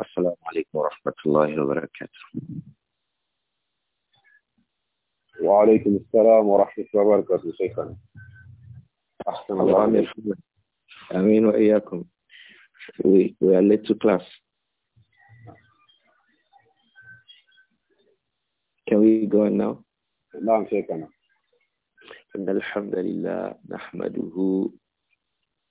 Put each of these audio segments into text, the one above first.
السلام عليكم ورحمة الله وبركاته وعليكم السلام ورحمة الله وبركاته شيخنا أحسن الله عليكم أمين وإياكم we, we are late to class can we go on now نعم شيخنا إن الحمد لله نحمده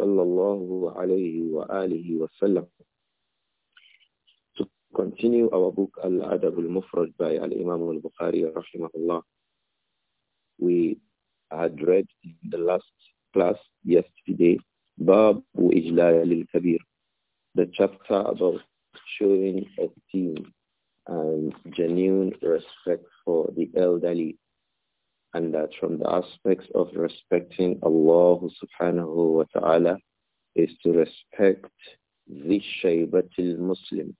sallallahu alayhi wa alihi wa To continue our book Al-Adab al mufraj by Al-Imam al-Bukhari rahimahullah, we had read in the last class yesterday, Babu Ijlal al-Kabir, the chapter about showing esteem and genuine respect for the elderly and that from the aspects of respecting Allah subhanahu wa ta'ala is to respect the shaybatil Muslim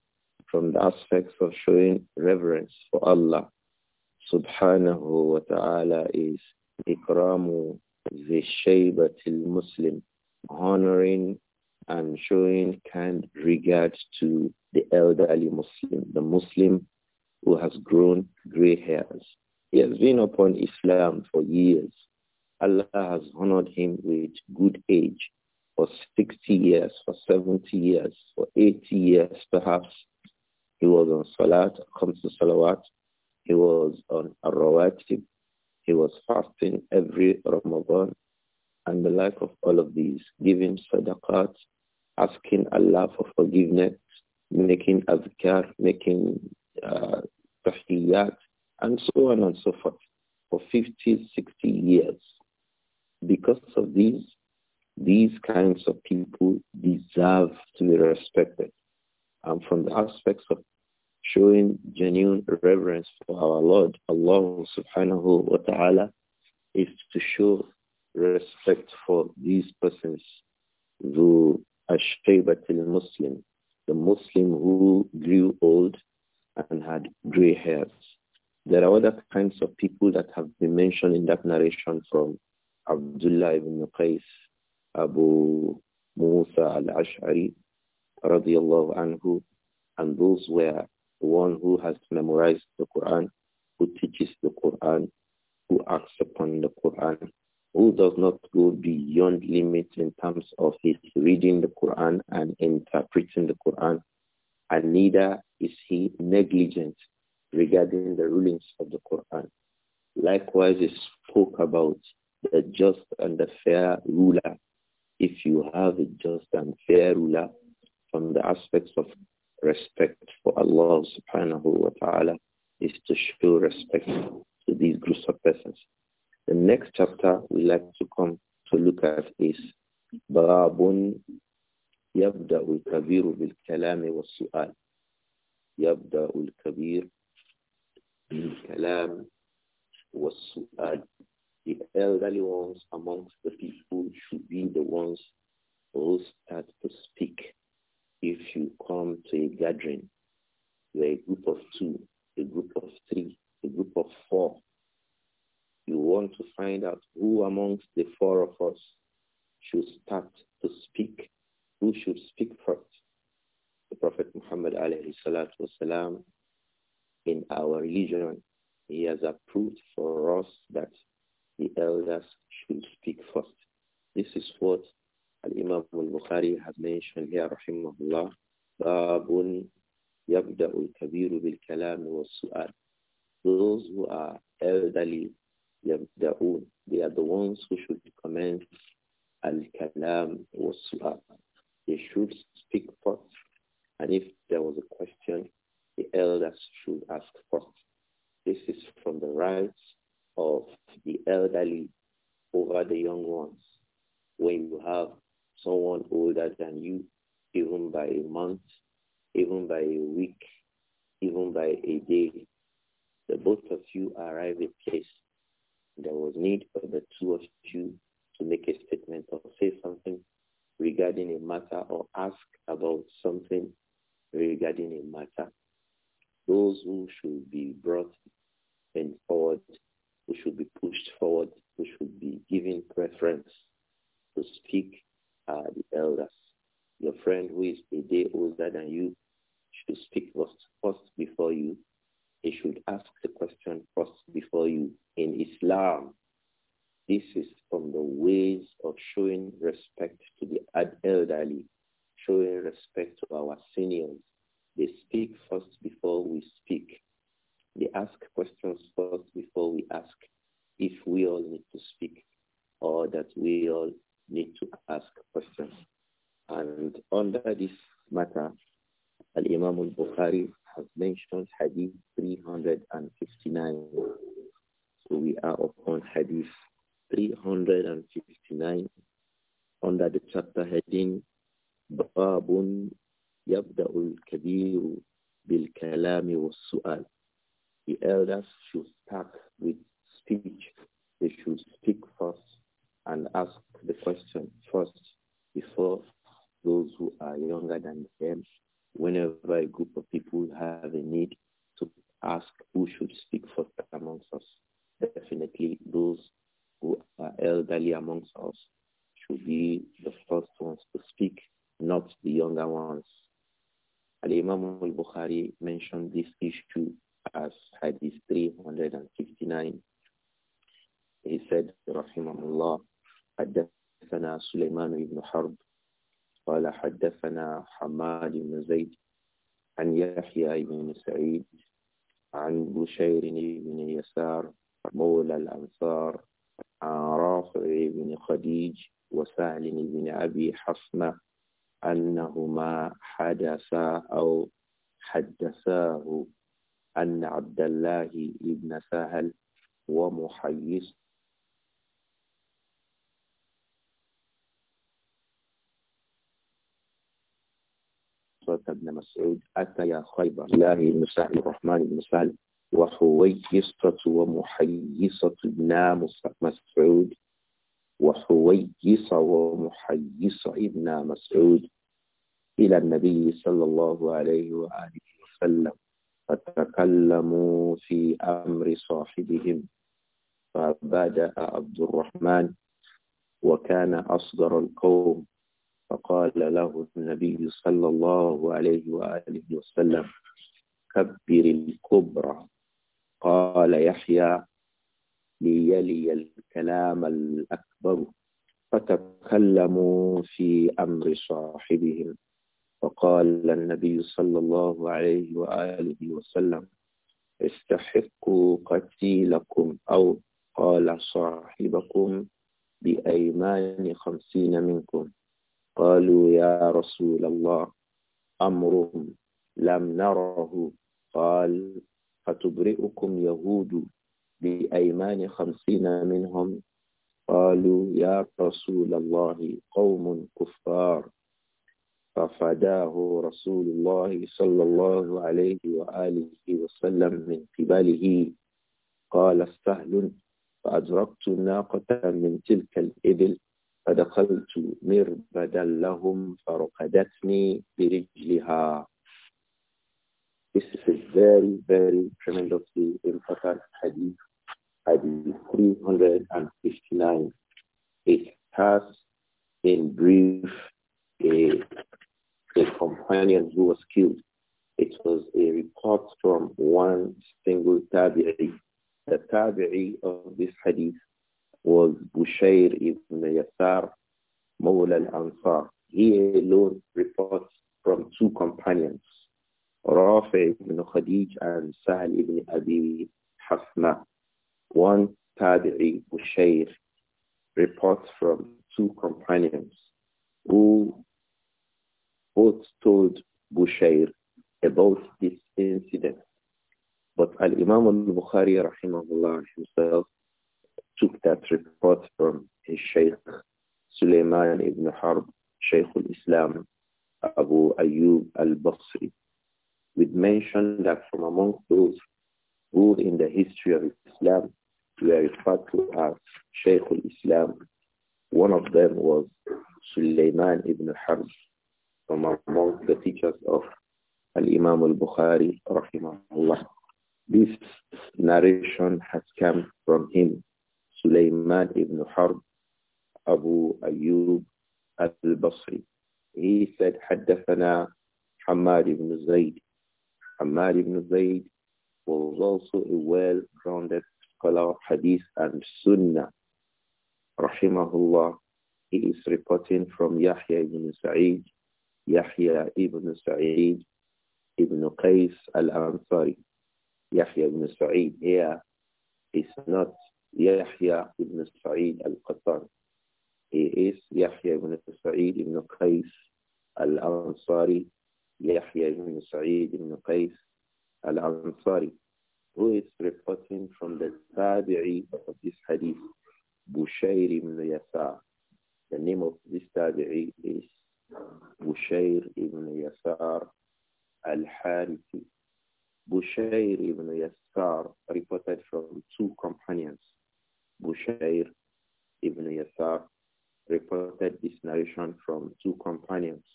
from the aspects of showing reverence for Allah subhanahu wa ta'ala is ikramu the shaybatil Muslim honoring and showing kind regard to the elderly Muslim, the Muslim who has grown gray hairs, he has been upon Islam for years. Allah has honored him with good age for 60 years, for 70 years, for 80 years perhaps. He was on Salat, comes to Salawat. He was on Arawatib. He was fasting every Ramadan and the like of all of these, giving sadaqat, asking Allah for forgiveness, making azkar, making uh, tahiyyat, and so on and so forth for 50, 60 years. Because of these, these kinds of people deserve to be respected. And from the aspects of showing genuine reverence for our Lord, Allah subhanahu wa ta'ala, is to show respect for these persons, the ash-shaybati Muslim, the Muslim who grew old and had gray hairs there are other kinds of people that have been mentioned in that narration from Abdullah ibn Qais, Abu Musa al-Ash'ari, radiallahu anhu, and those were the one who has memorized the Quran, who teaches the Quran, who acts upon the Quran, who does not go beyond limits in terms of his reading the Quran and interpreting the Quran, and neither is he negligent regarding the rulings of the Quran. Likewise, it spoke about the just and the fair ruler. If you have a just and fair ruler from the aspects of respect for Allah subhanahu wa ta'ala is to show respect to these groups of persons. The next chapter we like to come to look at is bil يبدأ wa بالكلام والسؤال يبدأ kabir was والسؤال uh, the elderly ones amongst the people should be the ones who start to speak. If you come to a gathering, you're a group of two, a group of three, a group of four, you want to find out who amongst the four of us should start to speak, who should speak first. The Prophet Muhammad alayhi salatu wasalam in our religion, he has approved for us that the elders should speak first. This is what Al-Imam al-Bukhari has mentioned here, rahimahullah, باب يبدأ الكبير بالكلام والسؤال. Those who are elderly, They are the ones who should commence al-kalam was They should speak first. mentioned this issue as Hadith 359. He said, Rahimahullah, حدثنا سليمان بن حرب قال حدثنا حماد بن زيد عن يحيى بن سعيد عن بشير بن يسار مولى الأنصار عن رافع بن خديج وسهل بن أبي حصمة أنهما حدثا أو حدثاه أن عبد الله بن سهل ومحيص بن مسعود أتى يا خيبر الله بن سهل الرحمن بن سهل وحويصة ومحيصة ابن مسعود وحويصة ومحيصة ابن مسعود إلى النبي صلى الله عليه وآله وسلم فتكلموا في أمر صاحبهم فبدأ عبد الرحمن وكان أصدر القوم فقال له النبي صلى الله عليه وآله وسلم كبر الكبرى قال يحيى ليلي الكلام الأكبر فتكلموا في أمر صاحبهم فقال النبي صلى الله عليه وآله وسلم استحقوا قتيلكم أو قال صاحبكم بأيمان خمسين منكم قالوا يا رسول الله أمرهم لم نره قال فتبرئكم يهود بأيمان خمسين منهم قالوا يا رسول الله قوم كفار ففداه رسول الله صلى الله عليه وآله وسلم من قبله قال سهل فأدركت ناقة من تلك الإبل فدخلت مربدا لهم فرقدتني برجلها This is a very, very tremendously important hadith, hadith 359. It has, in brief, a the companion who was killed. It was a report from one single tabi'i. The tabi'i of this hadith was Bushayr ibn Yasar, Mawla al-Ansar. He alone reports from two companions, Rafi ibn Khadij and Sahal ibn Abi Hasna. One tabi'i, Bushayr, reports from two companions who both told Bushair about this incident. But Al-Imam al-Bukhari rahimahullah himself took that report from his Shaykh Sulaiman ibn Harb, Shaykh al-Islam, Abu Ayyub al-Basri. with mention that from among those who in the history of Islam were referred to as Shaykh al-Islam, one of them was Sulaiman ibn Harb from among the teachers of Al-Imam al-Bukhari, rahimahullah. This narration has come from him, Sulaiman ibn Harb, Abu Ayyub al-Basri. He said, حدثنا Hamad ibn Zayd. Hamad ibn Zayd was also a well-grounded scholar of hadith and sunnah. Rahimahullah, he is reporting from Yahya ibn Sa'id, Yahya ibn Sa'id ibn Qais al-Ansari. Yahya ibn Sa'id here is not Yahya ibn Sa'id al-Qattan. He is Yahya ibn Sa'id ibn Qais al-Ansari. Yahya ibn Sa'id ibn Qais al-Ansari, who is reporting from the Tabi'i of this hadith, Bushair ibn Yasar. The name of this Tabi'i is Bushair ibn Yasar al-Harithi. Bushair ibn Yasar reported from two companions. Bushair ibn Yasar reported this narration from two companions.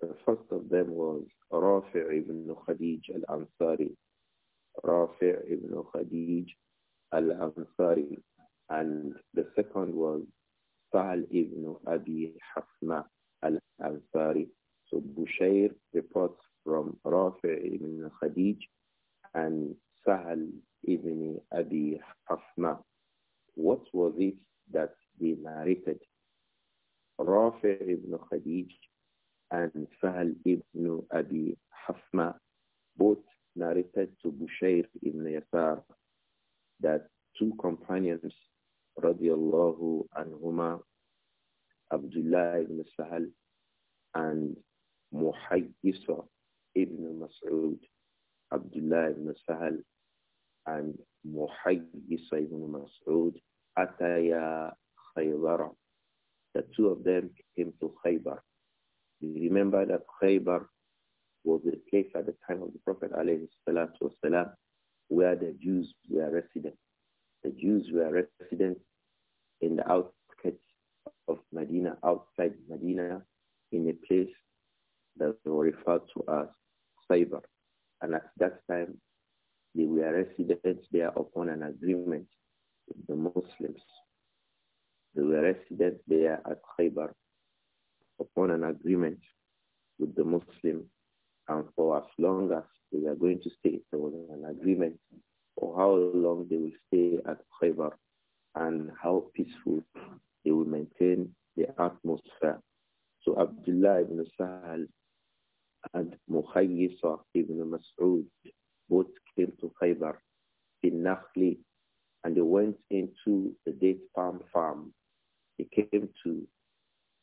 The first of them was Rafi' ibn Khadij al-Ansari. Rafi' ibn Khadij al-Ansari. And the second was Sa'al ibn Abi Hasma al-Ansari. So Bushair reports from Rafi ibn Khadij and Sahal ibn Abi Hafna. What was it that they narrated? Rafi ibn Khadij and Sahal ibn Abi Hafna both narrated to Bushair ibn Yasar that two companions, radiallahu anhuma, Abdullah ibn Sahal and Muhayyisa ibn Mas'ud. Abdullah ibn Sahal and Muhayyisa ibn Mas'ud Ataya Khaybara. The two of them came to Khaybar. You remember that Khaybar was the place at the time of the Prophet والسلام, where the Jews were resident. The Jews were resident in the out of Medina, outside Medina, in a place that were referred to as Cyber. And at that time, they were resident there upon an agreement with the Muslims. They were resident there at Khaybar upon an agreement with the Muslims. And for as long as they were going to stay, there was an agreement for how long they will stay at Khaybar and how peaceful they will maintain the atmosphere. So Abdullah ibn Sahal and Mukhayyisa ibn Mas'ud both came to Khaybar in Nakhli and they went into the date palm farm. They came to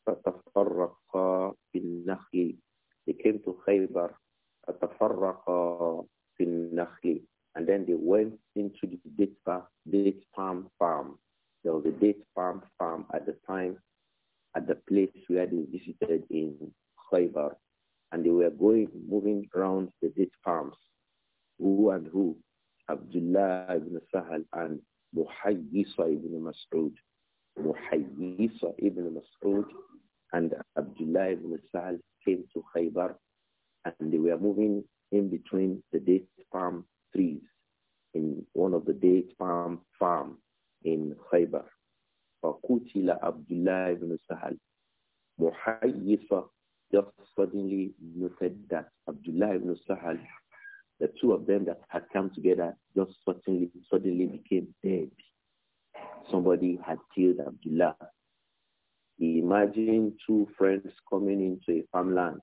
فتفرقا في Nakhli. They came to Khaybar فتفرقا في Nakhli. and then they went into the date date palm farm there was a date palm farm at the time, at the place where they visited in Khaybar. And they were going, moving around the date palms. Who and who? Abdullah ibn Sahal and Muhayyisa ibn Mas'ud. Muhayyisa ibn Mas'ud and Abdullah ibn Sahal came to Khaybar and they were moving in between the date palm trees in one of the date palm farms in Khaybar. فَقُتِلَ عَبْدُ اللَّهِ ibn Sahal. Muhayyifa just suddenly noted that Abdullah ibn Sahal, the two of them that had come together, just suddenly, suddenly became dead. Somebody had killed Abdullah. Imagine two friends coming into a farmland,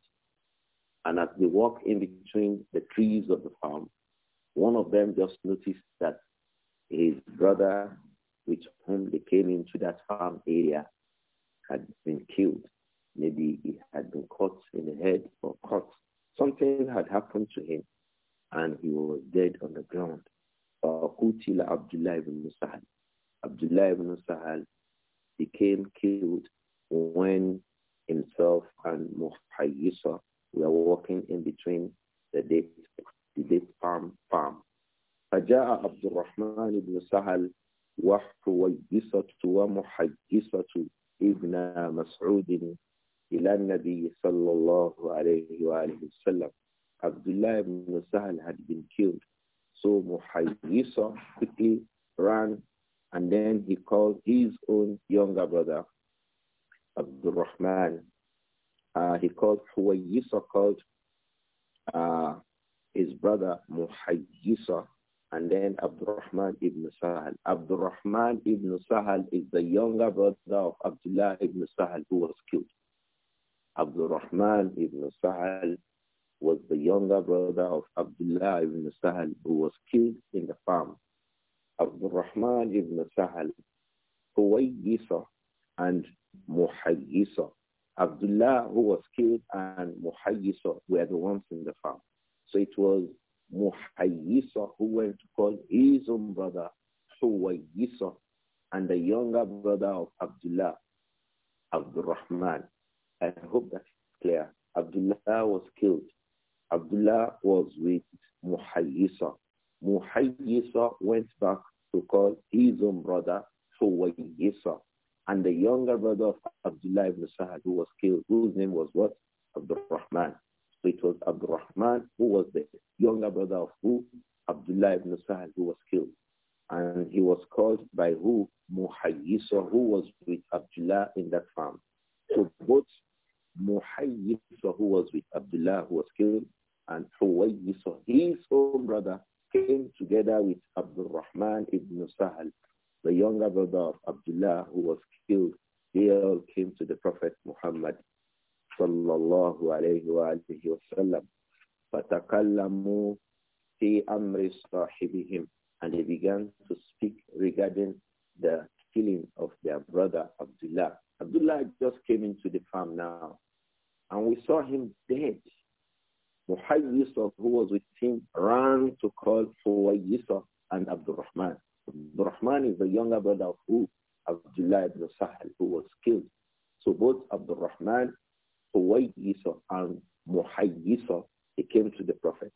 and as they walk in between the trees of the farm, one of them just noticed that his brother with whom they came into that farm area had been killed. Maybe he had been caught in the head or caught. Something had happened to him and he was dead on the ground. Qutila Abdullah ibn Sahal. Abdullah ibn Sahal became killed when himself and Muhayyisa were walking in between the date, the date farm farm. فجاء عبد الرحمن بن سهل وحويصة ومحجصة ابن مسعود إلى النبي صلى الله عليه وآله وسلم Abdullah ibn Sahal had been killed. So Muhayyisa quickly ran and then he called his own younger brother, Abdul Rahman. Uh, he called Huwayyisa called uh, his brother Muhayyisa and then Abdurrahman ibn Sahal. Abdurrahman ibn Sahal is the younger brother of Abdullah ibn Sahal who was killed. Abdurrahman ibn Sahal was the younger brother of Abdullah ibn Sahal who was killed in the farm. Abdurrahman ibn Sahal, Huwaygisa and Muhayyisa. Abdullah who was killed and Muhayyisa were the ones in the farm. So it was Muhayyisa, who went to call his own brother Suwayisa, and the younger brother of Abdullah, Abdurrahman. I hope that's clear. Abdullah was killed. Abdullah was with Muhayyisa. Muhayyisa went back to call his own brother Suwayisa, And the younger brother of Abdullah ibn who was killed, whose name was what? Abdurrahman. So it was Abdurrahman who was the younger brother of who? Abdullah ibn Sahal, who was killed. And he was called by who? Muhayyisa, who was with Abdullah in that farm. So both Muhayyisa, who was with Abdullah, who was killed, and Huwayyisa, his own brother, came together with Abdul Rahman ibn Sahal, the younger brother of Abdullah, who was killed. They all came to the Prophet Muhammad sallallahu alayhi wa فَتَكَلَّمُوا فِي أَمْرِ صَاحِبِهِمْ And they began to speak regarding the killing of their brother Abdullah. Abdullah just came into the farm now and we saw him dead. Muhammad Yusuf, who was with him, ran to call for Yusuf and Abdul Rahman. Abdul Rahman is the younger brother of who? Abdullah ibn Sahal, who was killed. So both Abdul Rahman, Yusuf, and Muhammad Yusuf he came to the Prophet,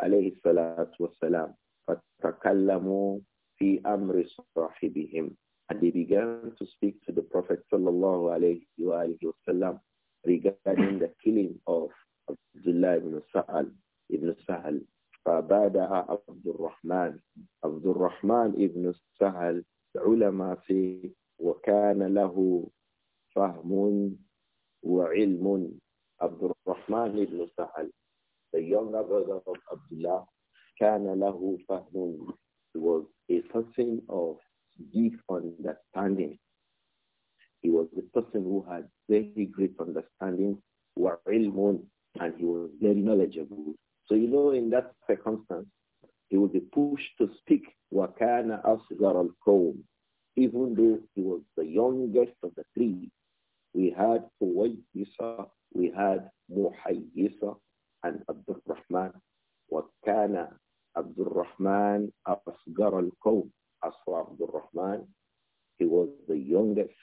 alayhi salatu wasalam, فَتَكَلَّمُوا فِي أَمْرِ صَاحِبِهِمْ And they began to speak to the Prophet sallallahu alayhi wa wasallam regarding the killing of Abdullah ibn Sa'al, ibn Saal. فبادأ عبد الرحمن عبد الرحمن ibn Saal علما فيه وكان له فهم وعلم عبد الرحمن ibn Saal the younger brother of Abdullah, كان له فهم was a person of deep understanding. He was a person who had very great understanding, وعلم, and he was very knowledgeable. So you know, in that circumstance, he would be pushed to speak وَكَانَ أَصْغَرَ الْقَوْمِ Even though he was the youngest of the three, we had Uwaisa, we had Muhayyisa, and Abdul Rahman. وكان عبد الرحمن أصغر القوم أصغر عبد الرحمن He was the youngest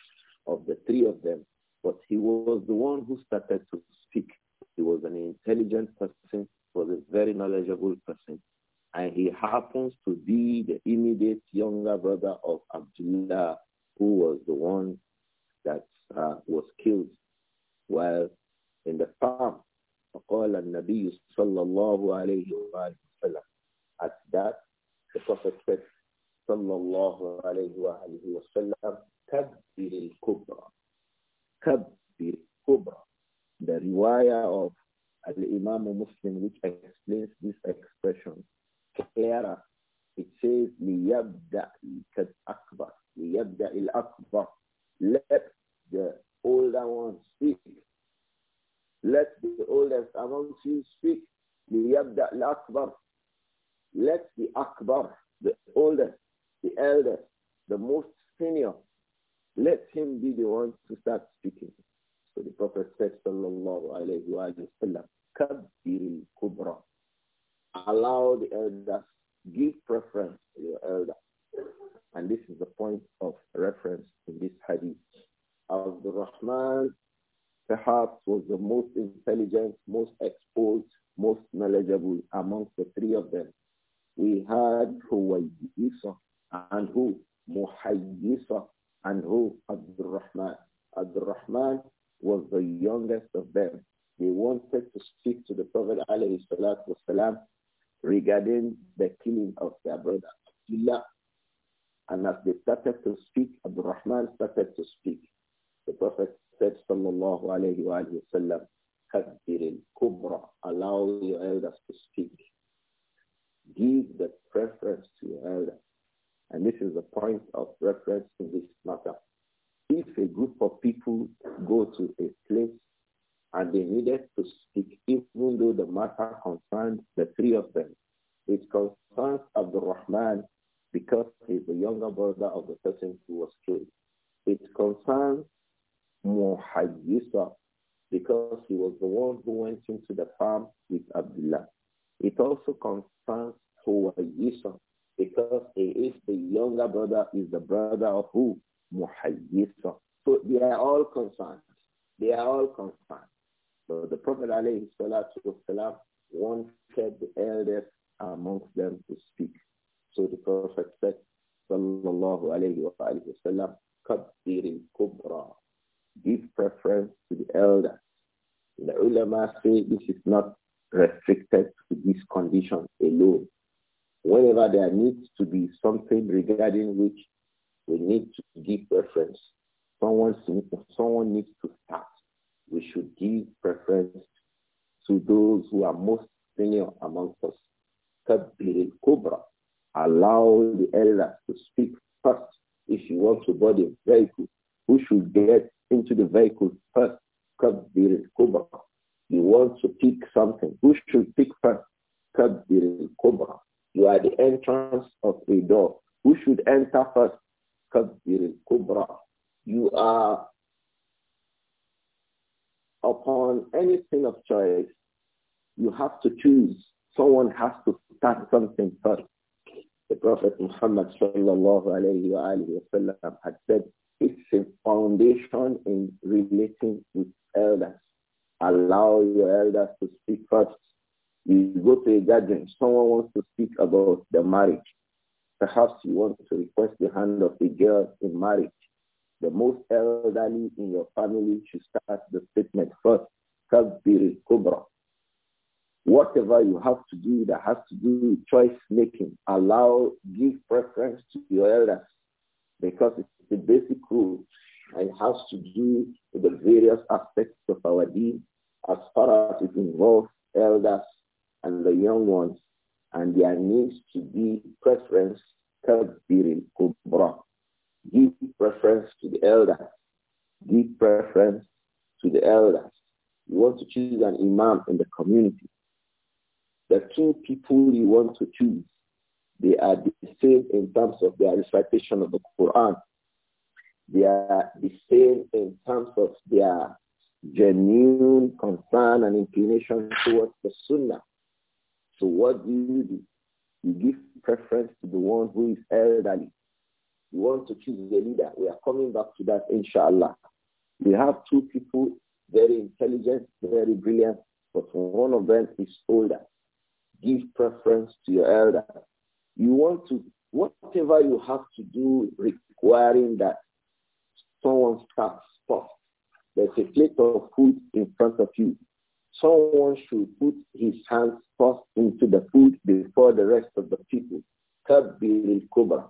of the three of them, but he was the one who started to speak. He was an intelligent person, was a very knowledgeable person, and he happens to be the immediate younger brother of Abdullah, who was the one that uh, was killed while in the farm فقال النبي صلى الله عليه وآله وسلم At that, the Prophet said, صلى الله عليه وآله وسلم كبر الكبرى كبر الكبرى The riwayah of Al-Imam Muslim which explains this expression clearer. It says, لِيَبْدَأْ الْأَكْبَرِ لِيَبْدَأْ الْأَكْبَرِ Let the older one speak let the oldest amongst you speak. al akbar. Let the Akbar, the oldest, the eldest, the most senior, let him be the one to start speaking. So the Prophet said, sallallahu alayhi wa sallam, كَبِّرِ kubra. Allow the elders, give preference to your elder. And this is the point of reference in this hadith. Abdul Rahman perhaps was the most intelligent, most exposed, most knowledgeable amongst the three of them. We had who Isa, and who? Muhayyisa and who? Abdul Rahman. Abdul Rahman was the youngest of them. They wanted to speak to the Prophet والسلام, regarding the killing of their brother Abdullah. And as they started to speak, Abdul Rahman started to speak. The Prophet said sallallahu alayhi wa sallam, al-Kubra, allow your elders to speak. Give the preference to your elders. And this is the point of reference in this matter. If a group of people go to a place and they needed to speak, even though the matter concerns the three of them, it concerns Abdul Rahman because he's the younger brother of the person who was killed. It concerns Yusuf, because he was the one who went into the farm with Abdullah. It also concerns Yusuf, because he is the younger brother, is the brother of who? Muhayyisa. So they are all concerned. They are all concerned. So the Prophet alayhi salatu wasalam wanted the elders amongst them to speak. So the Prophet said, sallallahu alayhi wa sallam, كبر kubra." give preference to the elders. The ulama say this is not restricted to this condition alone. Whenever there needs to be something regarding which we need to give preference, someone, someone needs to start. We should give preference to those who are most senior amongst us. Kabir Kubra, allow the elders to speak first. If you want to board a vehicle, who should get into the vehicle first. Kabir kubra You want to pick something. Who should pick first? Kabir kubra You are the entrance of a door. Who should enter first? Kabir kubra You are upon anything of choice. You have to choose. Someone has to start something first. The Prophet Muhammad sallallahu alayhi wa alayhi wa sallam had said, it's a foundation in relating with elders. Allow your elders to speak first. You go to a gathering, someone wants to speak about the marriage. Perhaps you want to request the hand of a girl in marriage. The most elderly in your family should start the statement first. Kabiri kobra. Whatever you have to do that has to do with choice making, allow, give preference to your elders because it the basic rule. It has to do with the various aspects of our deed as far as it involves elders and the young ones, and there needs to be preference kabbirin kubra. Give preference to the elders. Give preference to the elders. You want to choose an imam in the community. The two people you want to choose, they are the same in terms of their recitation of the Quran they are the same in terms of their genuine concern and inclination towards the Sunnah. So what do you do? You give preference to the one who is elderly. You want to choose the leader. We are coming back to that, inshallah. We have two people, very intelligent, very brilliant, but one of them is older. Give preference to your elder. You want to, whatever you have to do requiring that someone starts first. There's a plate of food in front of you. Someone should put his hands first into the food before the rest of the people. Tabbil Kubra.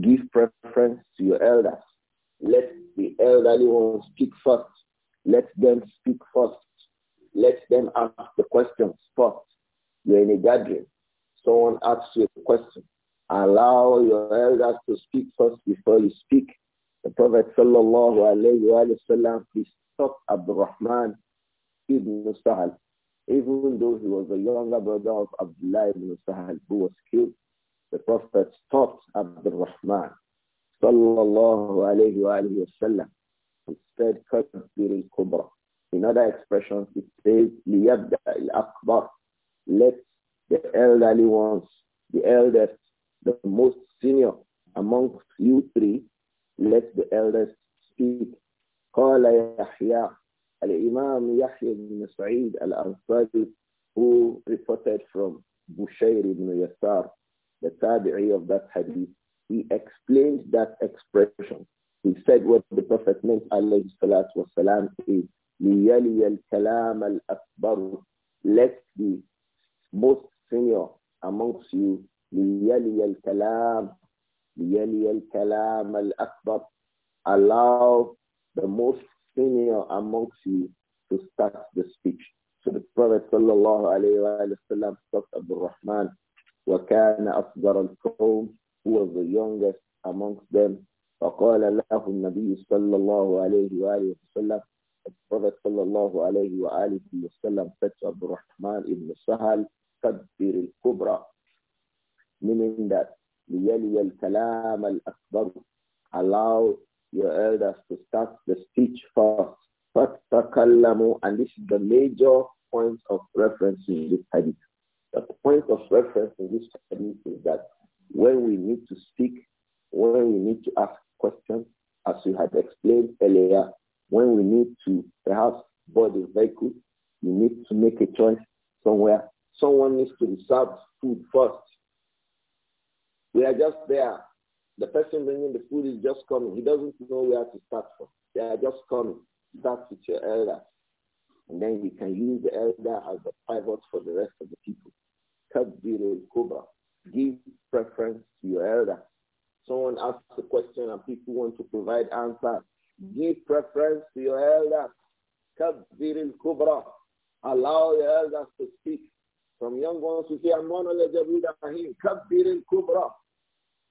Give preference to your elders. Let the elderly ones speak first. Let them speak first. Let them ask the questions first. You're in a gathering. Someone asks you a question. Allow your elders to speak first before you speak. The Prophet sallallahu alayhi wa sallam, he stopped Abdurrahman ibn Sahal, even though he was the younger brother of Abdullah ibn Sahal, who was killed. The Prophet stopped Abdurrahman sallallahu alayhi wa sallam. He said, Kabir al-Kubra. In other expressions, it says, Liyabda al-Akbar. Let the elderly ones, the eldest, the most senior amongst you three, let the elders speak. قال يحيى الإمام يحيى بن سعيد الأنصاري who reported from Bushayr ibn Yasar, the tabi'i of that hadith, he explained that expression. He said what the Prophet meant, alayhi salatu wa salam is لِيَلِيَ الْكَلَامَ الْأَكْبَرُ Let the most senior amongst you, لِيَلِيَ الْكَلَامَ ليلي الكلام الأكبر allow the most senior amongst you to start the speech. So the Prophet sallallahu alayhi wa sallam stopped Abdul Rahman وكان أصغر القوم who was the youngest amongst them فقال له النبي صلى الله عليه وآله وسلم The Prophet صلى الله عليه وآله وسلم said to Rahman ibn Sahal كبر الكبرى meaning that لِيَلِيَ الْكَلَامَ الْأَكْبَرُ Allow your elders to start the speech first. فَتَّكَلَّمُوا And this is the major point of reference in this hadith. The point of reference in this hadith is that when we need to speak, when we need to ask questions, as we had explained earlier, when we need to perhaps board a vehicle, you need to make a choice somewhere. Someone needs to reserve food first. We are just there. The person bringing the food is just coming. He doesn't know where to start from. They are just coming. Start with your elder. And then you can use the elder as the pivot for the rest of the people. Kabir Kuba. Give preference to your elder. Someone asks a question and people want to provide answer. Give preference to your elder. Kabirin Kubra. Allow your elders to speak. From young ones, you say, I'm knowledgeable Rahim. Kabir Kubra.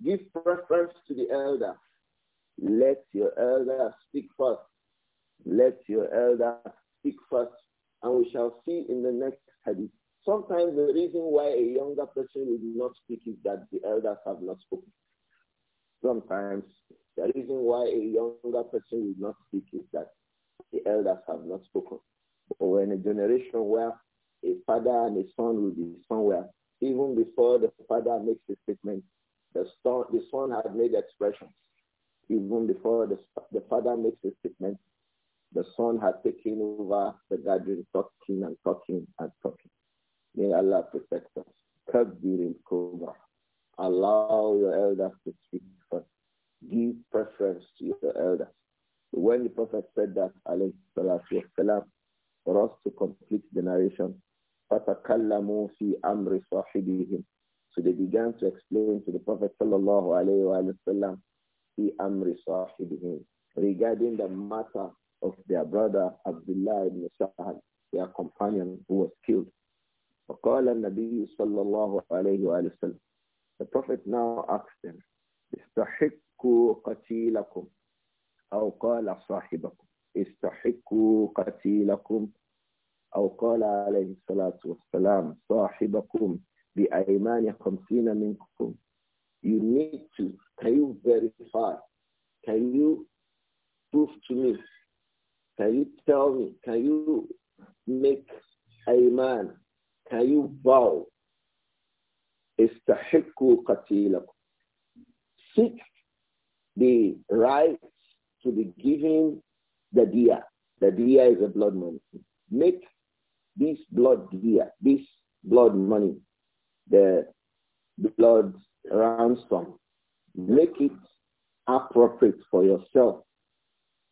Give preference to the elder. Let your elder speak first. Let your elder speak first. And we shall see in the next hadith. Sometimes the reason why a younger person will not speak is that the elders have not spoken. Sometimes the reason why a younger person will not speak is that the elders have not spoken. Or in a generation where a father and a son will be somewhere, even before the father makes a statement, the son, the son had made expressions. Even before the, the father makes a statement, the son had taken over the gathering, talking and talking and talking. May Allah protect us. Curb during Cobra. Allow your elders to speak first. Give preference to your elders. When the Prophet said that, Allah salatu for us to complete the narration, فَتَكَلَّمُوا فِي أَمْرِ صَاحِبِهِمْ so they began to explain to the Prophet sallallahu alayhi wasallam fi amri sahibihim regarding the matter of their brother Abdullah ibn Sa'ad, their companion who was killed. فقال النبي صلى الله عليه وآله وسلم The Prophet now asked them, استحقوا قتيلكم أو قال صاحبكم استحقوا قتيلكم أو قال عليه الصلاة والسلام صاحبكم the بأيمان خمسين منكم you need to can you verify can you prove to me can you tell me can you make Aiman? can you vow استحقوا قتيلكم seek the right to be given the dia. The dia is a blood money. Make this blood dia, this blood money, the blood ransom. Make it appropriate for yourself.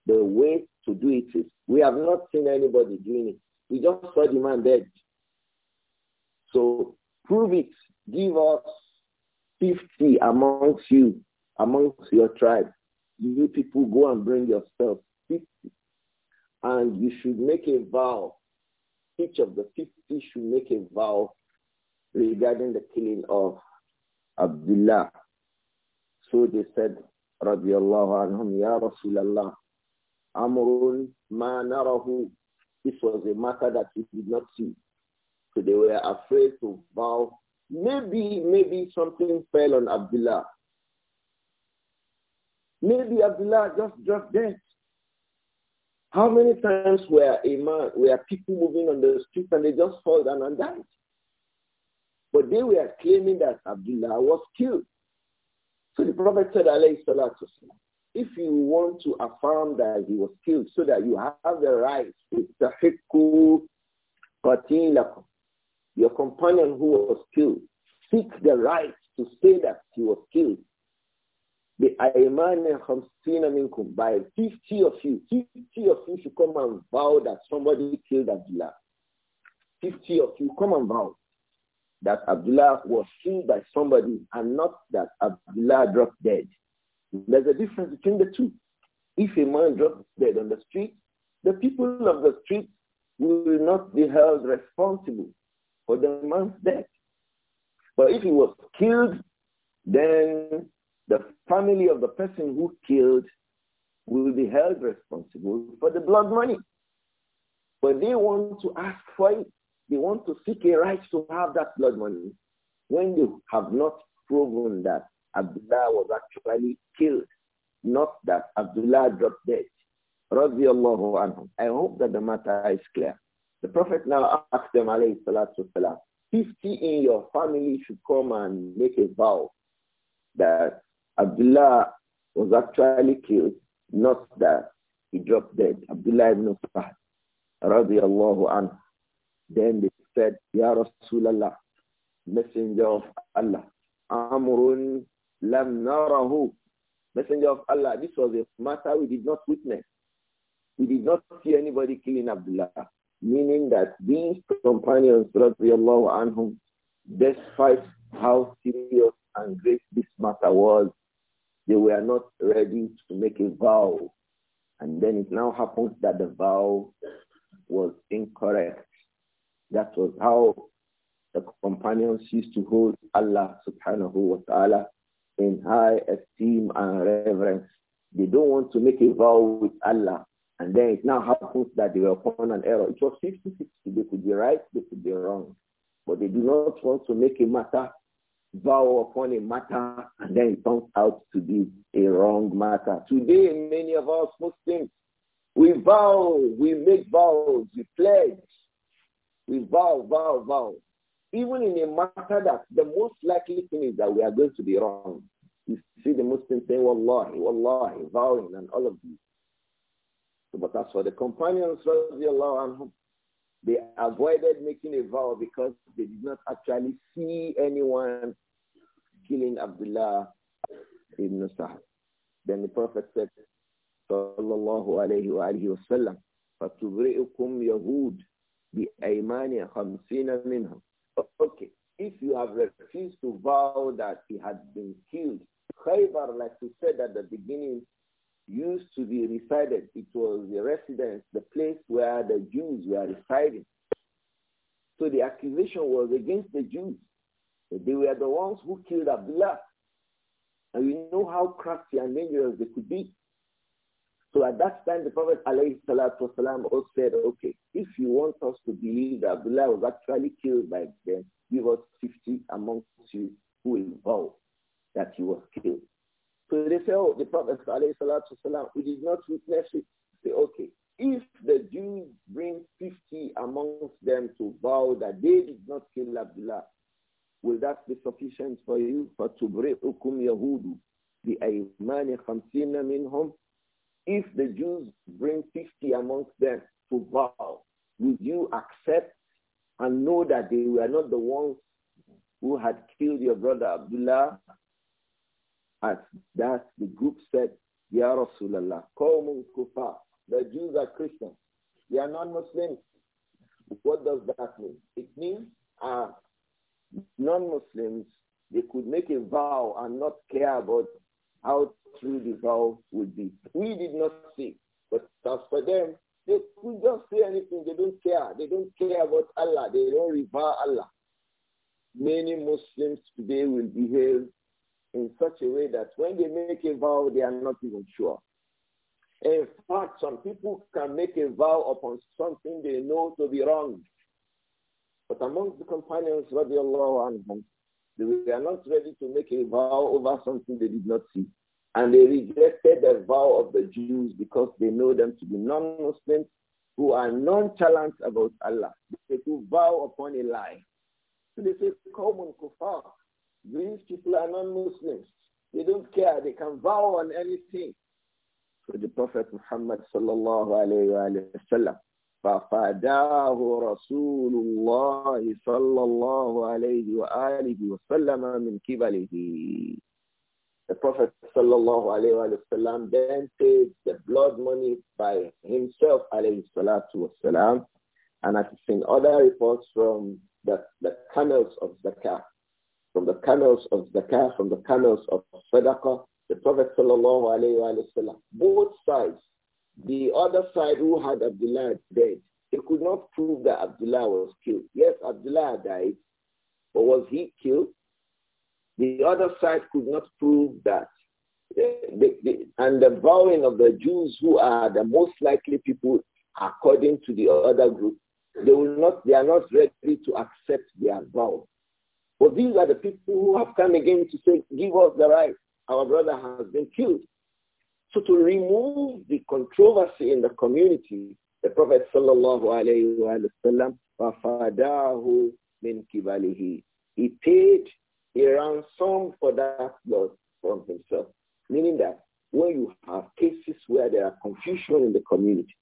The way to do it is, we have not seen anybody doing it. We just saw the man dead. So prove it. Give us 50 amongst you, amongst your tribe. You people go and bring yourself 50. And you should make a vow. Each of the 50 should make a vow regarding the killing of Abdullah. So they said, radiallahu anhum, Ya Rasulallah, Amrun ma narahu. This was a matter that he did not see. So they were afraid to bow. Maybe, maybe something fell on Abdullah. Maybe Abdullah just dropped dead. How many times were a man, were people moving on the street and they just fall down and died? But they were claiming that Abdullah was killed. So the Prophet said, if you want to affirm that he was killed so that you have the right to qatilakum, your companion who was killed, seek the right to say that he was killed. The minkum by 50 of you, 50 of you should come and vow that somebody killed Abdullah. 50 of you, come and vow that Abdullah was killed by somebody and not that Abdullah dropped dead. There's a difference between the two. If a man drops dead on the street, the people of the street will not be held responsible for the man's death. But if he was killed, then the family of the person who killed will be held responsible for the blood money. But they want to ask for it. They want to seek a right to have that blood money when they have not proven that Abdullah was actually killed, not that Abdullah dropped dead. Radiallahu anhum. I hope that the matter is clear. The Prophet now asked them, alayhi salatu wasalam, 50 in your family should come and make a vow that Abdullah was actually killed, not that he dropped dead. Abdullah ibn Fahd, radiallahu anhu. Then they said, Ya Rasulallah, Messenger of Allah, Amrun lam narahu. Messenger of Allah, this was a matter we did not witness. We did not see anybody killing Abdullah, meaning that these companions, radiallahu anhum, despite how serious and grave this matter was, they were not ready to make a vow. And then it now happens that the vow was incorrect. That was how the companions used to hold Allah subhanahu wa ta'ala in high esteem and reverence. They don't want to make a vow with Allah. And then it now happens that they were upon an error. It was 50-50. They could be right, they could be wrong. But they do not want to make a matter, vow upon a matter, and then it turns out to be a wrong matter. Today, many of us Muslims, we vow, we make vows, we pledge, we vow, vow, vow. Even in a matter that the most likely thing is that we are going to be wrong. You see the Muslims saying, Wallahi, Wallahi, vowing and all of these. But as for the companions, anhum, they avoided making a vow because they did not actually see anyone killing Abdullah ibn sa Then the Prophet said, Sallallahu alayhi wa alayhi wa sallam, فَتُبْرِئُكُمْ يَهُودٌ Okay, if you have refused to vow that he had been killed, Khaybar, like we said at the beginning, used to be resided. It was the residence, the place where the Jews were residing. So the accusation was against the Jews. They were the ones who killed Abdullah. And you know how crafty and dangerous they could be. So at that time, the Prophet والسلام, all said, okay, if you want us to believe that Abdullah was actually killed by them, give us 50 amongst you who will that he was killed. So they say, oh, the Prophet والسلام, we did not witness it. Say, okay, if the Jews bring 50 amongst them to vow that they did not kill Abdullah, will that be sufficient for you? Yahudu, the بِأَيْمَانِ خَمْسِينَ minhum. If the Jews bring 50 amongst them to vow, would you accept and know that they were not the ones who had killed your brother Abdullah? At that, the group said, Ya Rasulallah, Qawmun Kufar. The Jews are Christians. They are non-Muslims. What does that mean? It means uh, non-Muslims, they could make a vow and not care about out through the vow would be. We did not see. But as for them, they could not say anything. They don't care. They don't care about Allah. They don't revere Allah. Many Muslims today will behave in such a way that when they make a vow, they are not even sure. In fact, some people can make a vow upon something they know to be wrong. But amongst the companions, radiallahu anhum, they were not ready to make a vow over something they did not see. And they rejected the vow of the Jews because they know them to be non-Muslims who are nonchalant about Allah. They do vow upon a lie. So they say, common kuffar. These people are non-Muslims. They don't care. They can vow on anything. So the Prophet Muhammad sallallahu alayhi wa sallam, ففداه رسول الله صلى الله عليه وآله وسلم من قبله the Prophet sallallahu alayhi wasallam then paid the blood money by himself alayhi salatu wasallam and as in other reports from the, the camels of Zakah, from the camels of Zakah, from the camels of Sadaqah, the Prophet sallallahu alayhi wasallam, both sides the other side who had Abdullah dead, they could not prove that Abdullah was killed. Yes, Abdullah died, but was he killed? The other side could not prove that. and the vowing of the Jews who are the most likely people according to the other group, they will not, they are not ready to accept their vow. But these are the people who have come again to say, give us the right. Our brother has been killed. So to remove the controversy in the community, the Prophet sallallahu alayhi wa He paid a ransom for that blood from himself. Meaning that when you have cases where there are confusion in the community,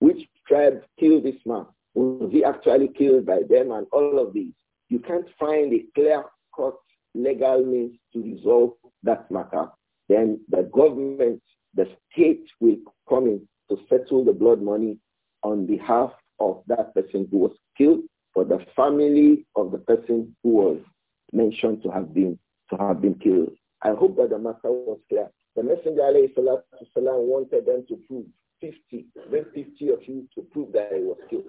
which tribe killed this man? Was he actually killed by them and all of these? You can't find a clear-cut legal means to resolve that matter then the government, the state will come in to settle the blood money on behalf of that person who was killed for the family of the person who was mentioned to have been to have been killed. I hope that the matter was clear. The Messenger والسلام, wanted them to prove 50, bring 50 of you to prove that he was killed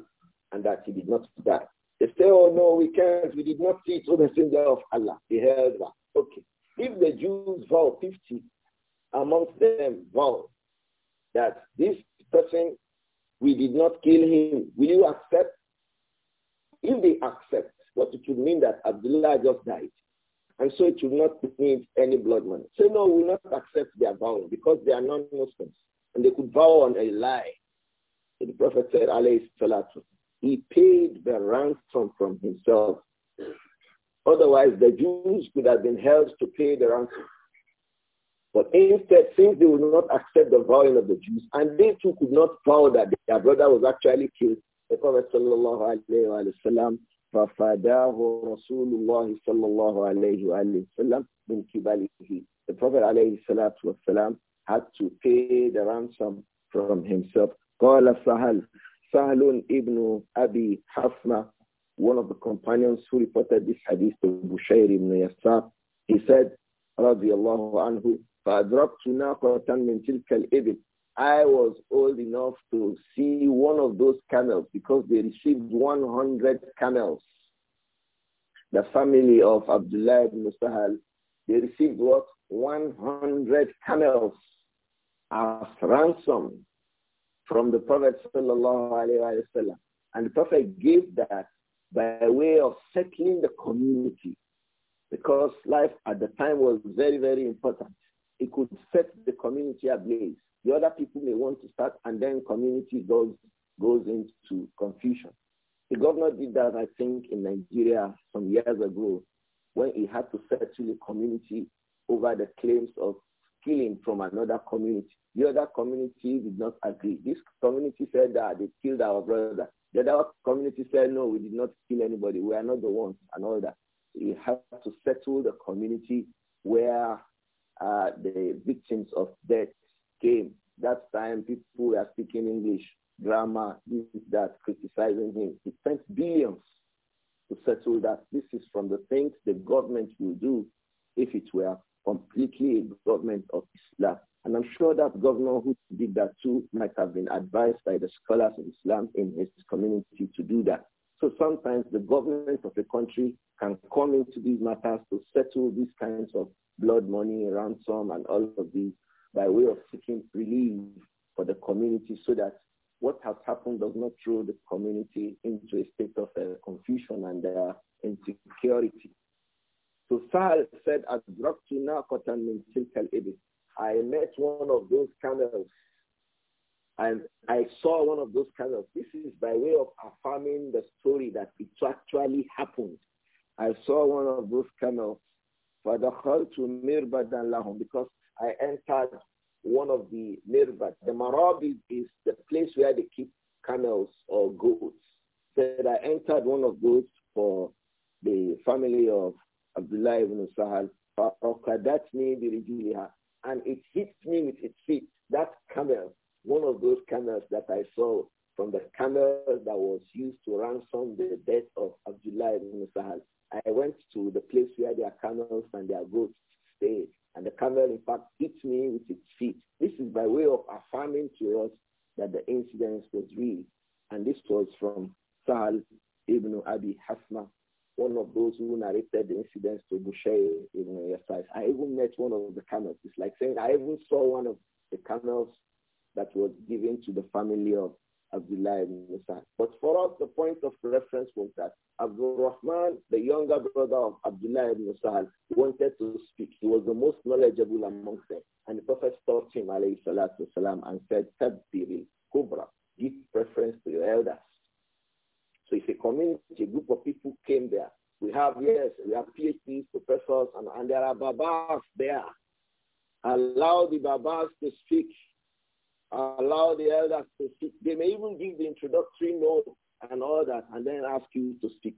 and that he did not die. They say, oh no, we can't, we did not see it, the Messenger of Allah. He held that. Okay. If the Jews vow 50, amongst them vow that this person, we did not kill him, will you accept? If they accept, what it would mean that Abdullah just died. And so it would not need any blood money. So no, we will not accept their vow because they are non-Muslims. And they could vow on a lie. And the Prophet said, alayhi he paid the ransom from himself Otherwise, the Jews could have been held to pay the ransom. But instead, since they would not accept the vowing of the Jews, and they too could not vow that their brother was actually killed, the Prophet sallallahu alayhi wa sallam, فَفَدَاهُ رَسُولُ اللَّهِ صَلَّى اللَّهُ عَلَيْهِ وَسَلَّمْ مِنْ كِبَلِهِ The Prophet alayhi salatu wasalam had to pay the ransom from himself. قَالَ سَهَلٌ سَهَلٌ ibn Abi حَفْمَةٌ one of the companions who reported this hadith to Bushayr ibn Yassar, he said, radiallahu anhu, فَأَدْرَبْتُ نَاقَةً مِنْ تِلْكَ الْإِبِلِ I was old enough to see one of those camels because they received 100 camels. The family of Abdullah ibn Sahal, they received what? 100 camels as ransom from the Prophet sallallahu alaihi wasallam. And the Prophet gave that by way of settling the community because life at the time was very, very important. It could set the community ablaze. The other people may want to start and then community goes, goes into confusion. The governor did that, I think, in Nigeria some years ago when he had to settle the community over the claims of killing from another community. The other community did not agree. This community said that they killed our brother. The other community said, no, we did not kill anybody. We are not the ones and all that. You have to settle the community where uh, the victims of death came. That time people were speaking English, grammar, this is that, criticizing him. He spent billions to settle that. This is from the things the government will do if it were completely a government of Islam. And I'm sure that Governor who did that too might have been advised by the scholars of Islam in his community to do that. So sometimes the government of the country can come into these matters to settle these kinds of blood money, ransom, and all of these by way of seeking relief for the community so that what has happened does not throw the community into a state of uh, confusion and uh, insecurity. So Sahal said, أَدْرَكْتُ I met one of those camels and I saw one of those camels. This is by way of affirming the story that it actually happened. I saw one of those camels. to مِرْبَدًا لَهُمْ Because I entered one of the mirbad. The marab is the place where they keep camels or goats. Said I entered one of those for the family of Abdullah ibn Sahal. فَأَقَدَتْنِي بِرِجِلِهَا and it hits me with its feet. That camel, one of those camels that I saw from the camel that was used to ransom the death of Abdullah ibn Sahal. I went to the place where their camels and their goats stayed, and the camel, in fact, hit me with its feet. This is by way of affirming to us that the incident was real. And this was from Sahal ibn Abi Hasma, one of those who narrated the incidents to Bushayr met one of the camels. It's like saying, I even saw one of the camels that was given to the family of Abdullah ibn Musa. But for us, the point of reference was that Abdul Rahman, the younger brother of Abdullah ibn Musa, wanted to speak. He was the most knowledgeable among them. And the Prophet stopped him, alayhi salatu salam, and said, Tabbiril Kubra, give preference to your elders. So if a community, a group of people came there we have, yes, we have PhDs, professors, and, and there are babas there. Allow the babas to speak. Allow the elders to speak. They may even give the introductory note and all that, and then ask you to speak.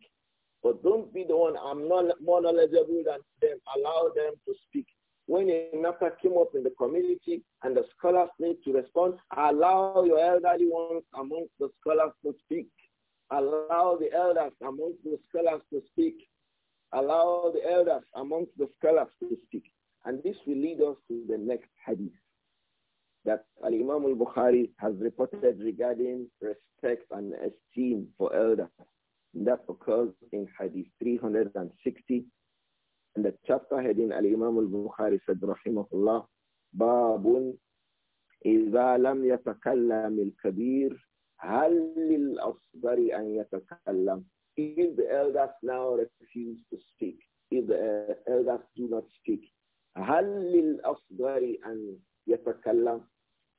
But don't be the one, I'm not more knowledgeable than them. Allow them to speak. When a matter came up in the community and the scholars need to respond, allow your elderly ones amongst the scholars to speak. Allow the elders amongst the scholars to speak. Allow the elders amongst the scholars to speak. And this will lead us to the next hadith that Al-Imam al-Bukhari has reported regarding respect and esteem for elders. That occurs in Hadith 360. And the chapter heading Al-Imam al-Bukhari said, Rahimahullah, Babun إذا لم يتكلم الكبير هل للأصغر أن يتكلم If the elders now refuse to speak, if the elders do not speak, هل للأصغر أن يتكلم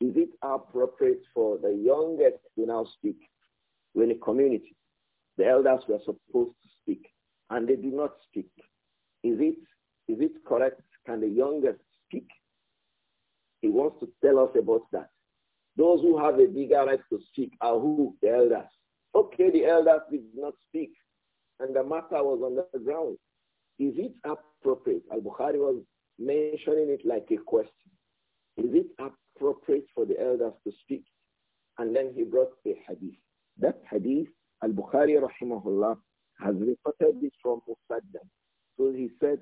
Is it appropriate for the youngest to now speak? When a community, the elders were supposed to speak, and they do not speak. Is it is it correct? Can the youngest speak? He wants to tell us about that. Those who have a bigger right to speak are who? The elders. Okay, the elders did not speak, and the matter was on the ground. Is it appropriate? Al-Bukhari was mentioning it like a question. Is it appropriate for the elders to speak? And then he brought a hadith. That hadith, Al-Bukhari rahimahullah, has reported this from Musaddad. So he said,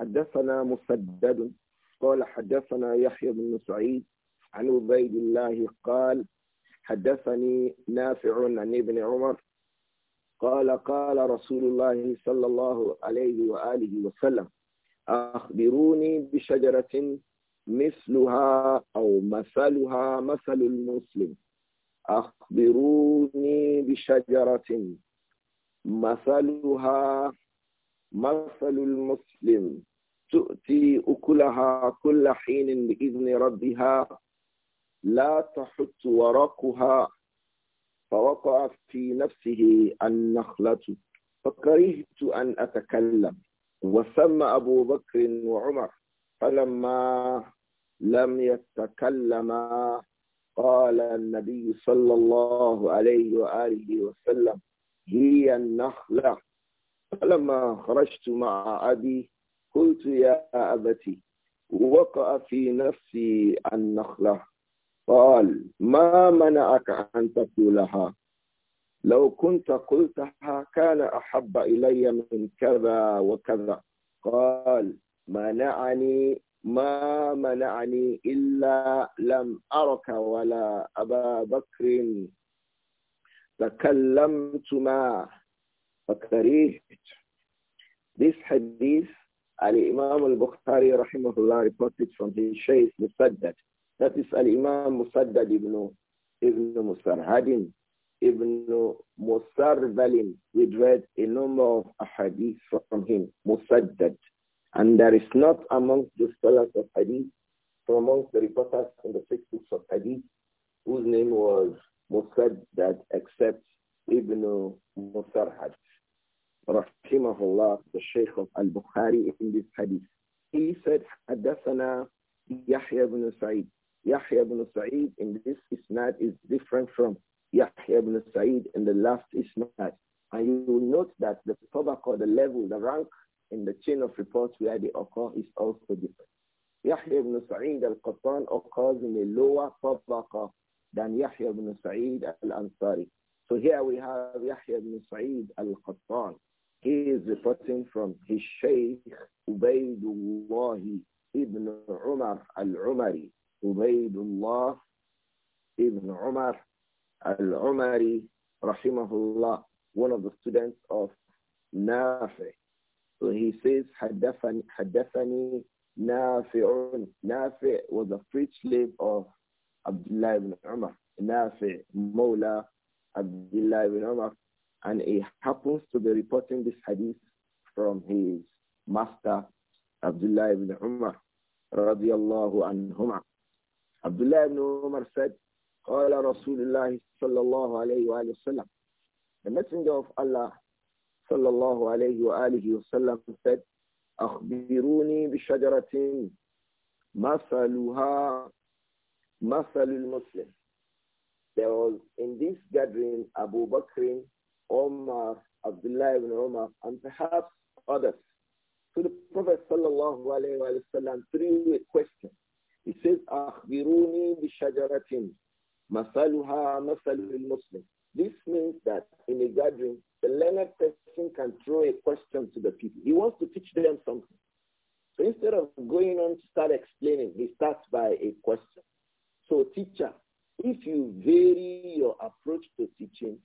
حدثنا مسدد قال حدثنا يحيى بن سعيد عن عبيد الله قال حدثني نافع عن ابن عمر قال قال رسول الله صلى الله عليه وآله وسلم أخبروني بشجرة مثلها أو مثلها مثل المسلم أخبروني بشجرة مثلها مثل المسلم تؤتي أكلها كل حين بإذن ربها لا تحط ورقها فوقع في نفسه النخلة فكرهت أن أتكلم وسمى أبو بكر وعمر فلما لم يتكلما قال النبي صلى الله عليه وآله وسلم هي النخلة فلما خرجت مع أبي قلت يا أبتي وقع في نفسي النخلة قال ما منعك أن تقولها لو كنت قلتها كان أحب إلي من كذا وكذا قال منعني ما منعني إلا لم أرك ولا أبا بكر تكلمت ما فكرهت This hadith, Al-Imam al-Bukhari rahimahullah reported from his Shaykh Musaddad That is Al-Imam Musaddad ibn, ibn Musarhadin ibn Musarvalin. We read a number of hadith from him, Musaddad. And there is not amongst the scholars of hadith, from amongst the reporters in the six books of hadith, whose name was Musaddad except Ibn Musarhad. Rahimahullah, the Shaykh of Al-Bukhari in this hadith. He said, حدثنا يحيى بن سعيد Yahya ibn Sa'id in this isnad is different from Yahya ibn Sa'id in the last isnad. And you will note that the tobacco, the level, the rank in the chain of reports where they occur is also different. Yahya ibn Sa'id al-Qattan occurs in a lower tabaqa than Yahya ibn Sa'id al-Ansari. So here we have Yahya ibn Sa'id al-Qattan. He is reporting from his Shaykh Ubaidullah ibn Umar al-Umari. Ubaidullah ibn Umar al-Umari rahimahullah, one of the students of Nafi. So he says, Haddathani, Haddathani Nafi'un. Nafi was a freed slave of Abdullah ibn Umar. Nafi, Mawla, Abdullah ibn Umar. And he happens to be reporting this hadith from his master, Abdullah ibn Umar, radiallahu anhuma. Abdullah ibn Umar said, قال Rasulullah sallallahu alayhi wa عليه The Messenger of Allah sallallahu alayhi wa وآله وسلم said, أخبروني بشجرة مثلها مثل المسلم There was in this gathering Abu Bakr, Omar, Abdullah ibn Umar, and perhaps others. So the Prophet sallallahu alayhi wa sallam threw a question. He says, أخبروني بشجرة مثلها مثل المسلم. This means that in a gathering, the learned person can throw a question to the people. He wants to teach them something. So instead of going on to start explaining, he starts by a question. So teacher, if you vary your approach to teaching,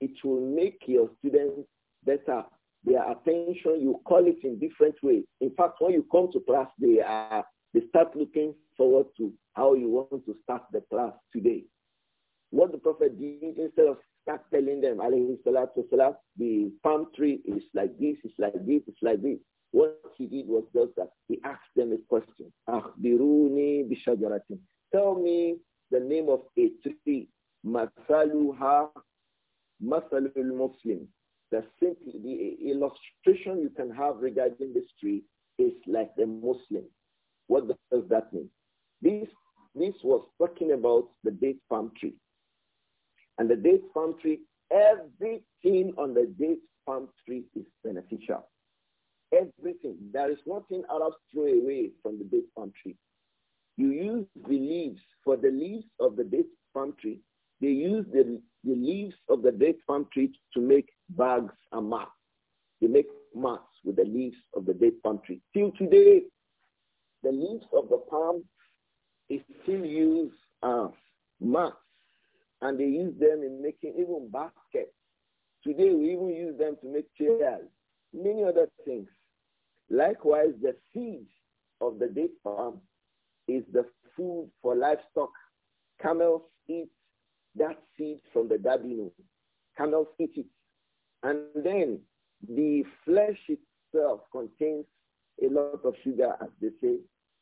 it will make your students better. Their attention, you call it in different ways. In fact, when you come to class, they are they start looking forward to how you want to start the class today. What the Prophet did instead of start telling them, alayhi salatu salam, the palm tree is like this, it's like this, it's like this. What he did was just that. He asked them a question. Akhbiruni bishajaratin. Tell me the name of a tree. Masaluha masalul muslim. The simple the illustration you can have regarding this tree is like the Muslim. What does that mean? This, this was talking about the date palm tree. And the date palm tree, everything on the date palm tree is beneficial. Everything. There is nothing Arabs throw away from the date palm tree. You use the leaves for the leaves of the date palm tree. They use the, the leaves of the date palm tree to make bags and mats. They make mats with the leaves of the date palm tree. Till today, the leaves of the palm they still use uh, mats, and they use them in making even baskets. Today, we even use them to make chairs, many other things. Likewise, the seed of the date palm is the food for livestock. Camels eat that seed from the dabino. Camels eat it. And then the flesh itself contains a lot of sugar, as they say,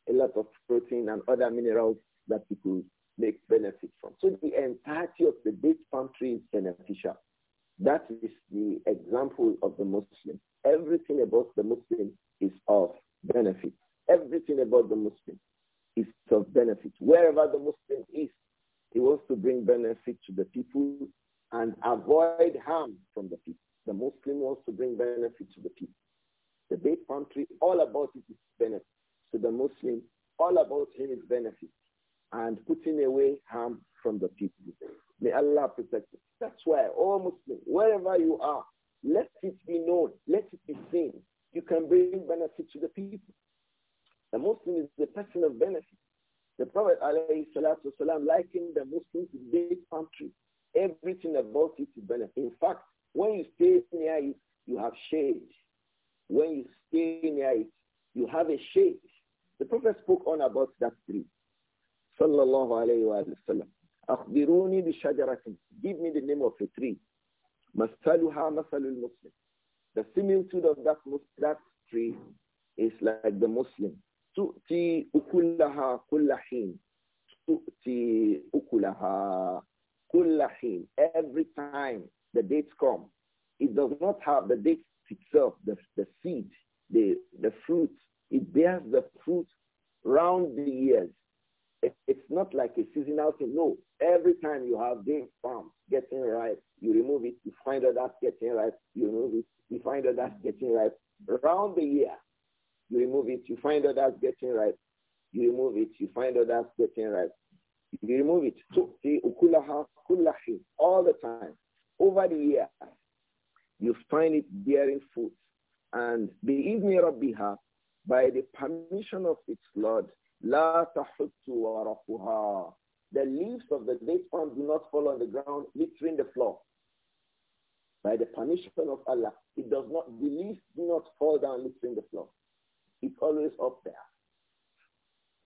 a lot of protein and other minerals that people make benefit from. So the entirety of the date palm tree is beneficial. That is the example of the Muslim. Everything about the Muslim is of benefit. Everything about the Muslim is of benefit. Wherever the Muslim is, he wants to bring benefit to the people and avoid harm from the people. The Muslim wants to bring benefit to the people. The date palm tree, all about it is benefit to the Muslim, all about him is benefit and putting away harm from the people. May Allah protect us. That's why, all Muslims, wherever you are, let it be known, let it be seen. You can bring benefit to the people. The Muslim is the person of benefit. The Prophet والسلام, likened the Muslim to the country. Everything about it is benefit. In fact, when you stay near it, you have shade. When you stay near it, you have a shade. The Prophet spoke on about that tree. Sallallahu alayhi wa sallam. أخبروني بشجرة. Give me the name of a tree. مثلها مثل المسلم. The similitude of that, that tree is like the Muslim. تؤتي أكلها كل حين. تؤتي أكلها كل حين. Every time the dates come, it does not have the dates itself, the, the seed, the, the fruit it bears the fruit round the years. It, it's not like a seasonal thing. No, every time you have the farm getting ripe, you remove it, you find that that's getting ripe, you remove it, you find that that's getting ripe. Round the year, you remove it, you find that that's getting ripe, you remove it, you find that that's getting ripe, you remove it. So, all the time, over the year, you find it bearing fruit. And be evening of by the permission of its Lord, La tahuttu The leaves of the date palm do not fall on the ground, littering the floor. By the permission of Allah, it does not, the leaves do not fall down, littering the floor. It's always up there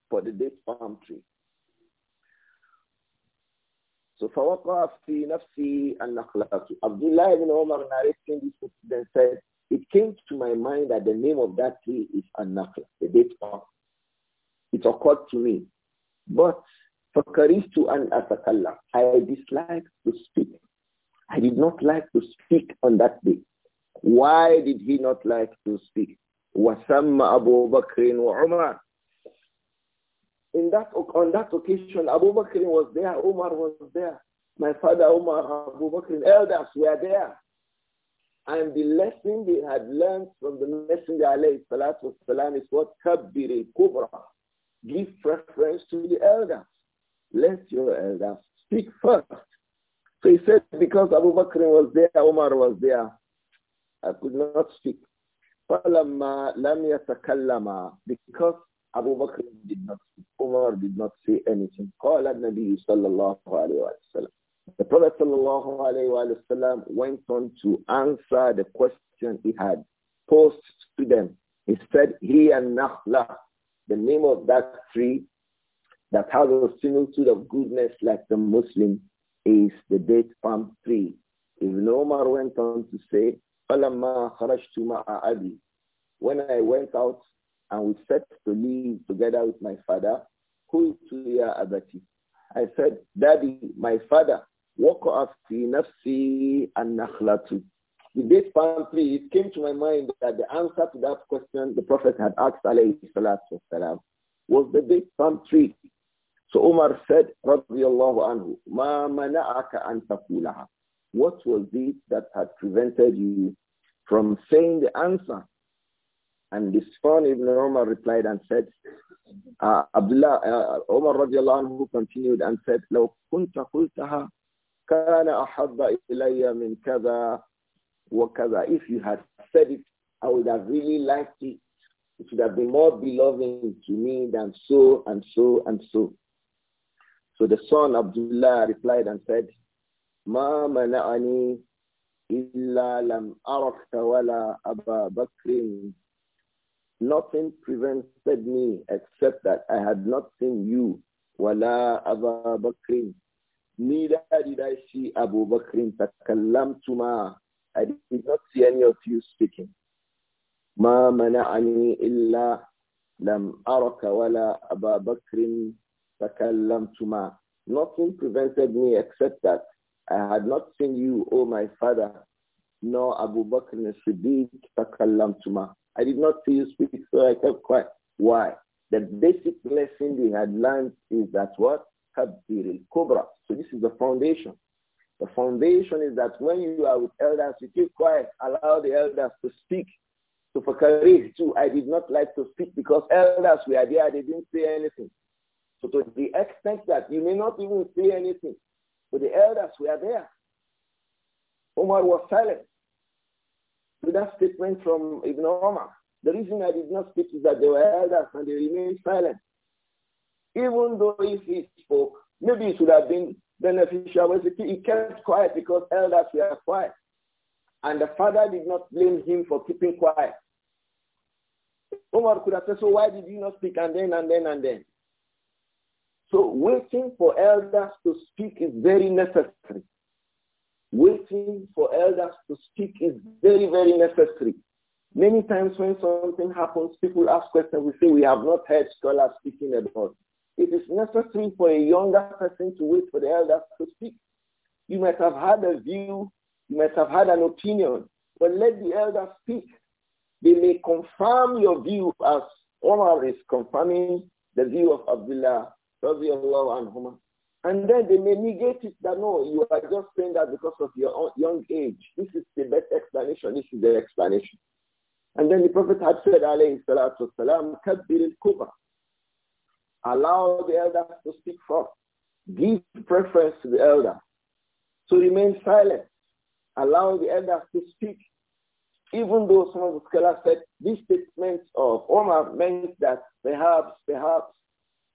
for the date palm tree. So فوقع في نفسي النخلة. Abdullah ibn Umar narrating this incident said, it came to my mind that the name of that tree is Anakla. the date palm. It occurred to me. But Fakaristu and Asakala, I disliked to speak. I did not like to speak on that day. Why did he not like to speak? Wasamma Abu Bakr wa Umar. In that, on that occasion, Abu Bakr was there, Umar was there. My father Umar, Abu Bakr, elders were there. And the lesson they had learned from the Messenger alayhi salatu wasalam is what? Kabbiri kubra. Give preference to the elders. Let your elders speak first. So he said, because Abu Bakr was there, Omar was there, I could not speak. Because Abu Bakr did not speak, Omar did not say anything. قال النبي صلى الله عليه وسلم the Prophet ﷺ went on to answer the question he had posed to them. He said, He and Nahla, the name of that tree that has a similitude of goodness like the Muslim is the date palm tree. Ibn Omar went on to say, When I went out and we set to leave together with my father, who is ya abati. I said, Daddy, my father, وقع في نفسي النخلة the date palm tree, it came to my mind that the answer to that question the Prophet had asked alayhi salatu wasalam was the date palm tree. So Umar said, radiallahu anhu, ma mana'aka an taqulaha. What was it that had prevented you from saying the answer? And this son Ibn Umar replied and said, uh, Abdullah, uh, Umar radiallahu anhu continued and said, لو كنت قلتها كان أحب إلي من كذا وكذا. If you had said it, I would have really liked it. It would have been more beloved to me than so and so and so. So the son Abdullah replied and said, ما منعني إلا لم أرك ولا أبا بكر Nothing prevented me except that I had not seen you, ولا أبا بكر, Neither did I see Abu Bakr Tuma. I did not see any of you speaking. Ma ما منعني إلا لم أرك ولا أبا بكر Tuma. Nothing prevented me except that I had not seen you, O oh my father, nor Abu Bakr Siddiq Tuma. I did not see you speak, so I kept quiet. Why? The basic lesson we had learned is that what? al al-kubra. So this is the foundation. The foundation is that when you are with elders, you keep quiet, allow the elders to speak. So for Karif too, I did not like to speak because elders were there, they didn't say anything. So to the extent that you may not even say anything, but the elders were there. Omar was silent. With that statement from Ibn Omar, the reason I did not speak is that they were elders and they remained silent. Even though if he spoke, maybe it would have been beneficial, but he kept quiet because elders were quiet. And the father did not blame him for keeping quiet. Omar could have said, so why did you not speak and then and then and then? So waiting for elders to speak is very necessary. Waiting for elders to speak is very, very necessary. Many times when something happens, people ask questions. We say, we have not heard scholars speaking about it. It is necessary for a younger person to wait for the elders to speak. You might have had a view, you might have had an opinion, but let the elders speak. They may confirm your view as Omar is confirming the view of Abdullah, And then they may negate it that no, you are just saying that because of your young age. This is the best explanation. This is the explanation. And then the Prophet had said, alayhi salatu salam, kabbir al-kubra. Allow the elders to speak first. Give preference to the elder. To remain silent. Allow the elders to speak. Even though some of the scholars said this statement of Omar meant that perhaps, perhaps,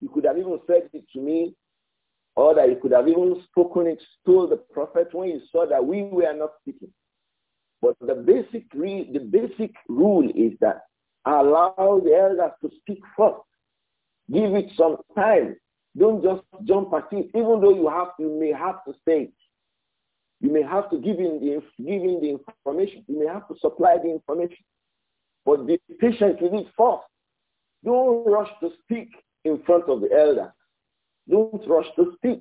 you could have even said it to me or that you could have even spoken it, to the prophet when you saw that we were not speaking. But the basic, the basic rule is that allow the elders to speak first. Give it some time. Don't just jump at it, even though you have, you may have to say, you may have to give in the, give in the information. You may have to supply the information. But be patient with it first. Don't rush to speak in front of the elder. Don't rush to speak.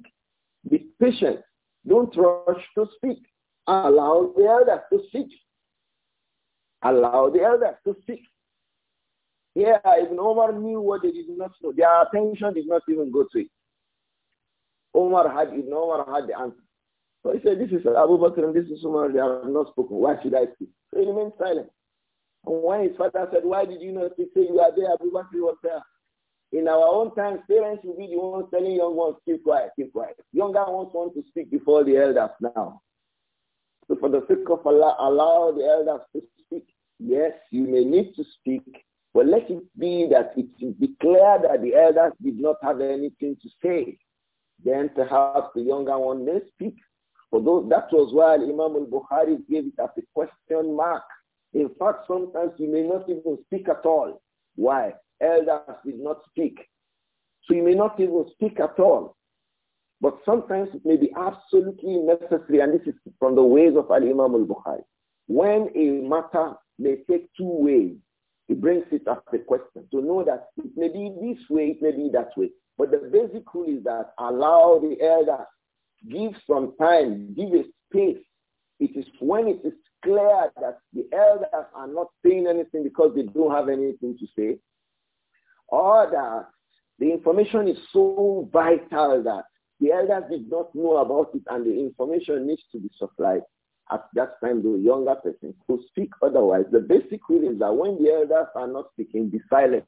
Be patient. Don't rush to speak. Allow the elder to speak. Allow the elder to speak if no Omar knew what they did not know. Their attention did not even go to it. Omar had, Ibn Omar had the answer. So he said, this is Abu Bakr and this is Umar. They have not spoken. Why should I speak? So he remained silent. And when his father said, why did you not speak? Say, you are there, Abu Bakr was there. In our own times, parents will be the ones telling young ones, keep quiet, keep quiet. Younger ones want to speak before the elders now. So for the sake of Allah, allow the elders to speak. Yes, you may need to speak but let it be that it is declared that the elders did not have anything to say. Then perhaps the younger one may speak. For those, that was why Imam al-Bukhari gave it as a question mark. In fact, sometimes you may not even speak at all. Why? Elders did not speak. So you may not even speak at all. But sometimes it may be absolutely necessary, and this is from the ways of Al-Imam al-Bukhari. When a matter may take two ways, he brings it as a question to know that it may be this way, it may be that way. But the basic rule is that allow the elders, give some time, give a space. It is when it is clear that the elders are not saying anything because they don't have anything to say, or that the information is so vital that the elders did not know about it and the information needs to be supplied at that time the younger person could speak otherwise. The basic rule is that when the elders are not speaking, be silent.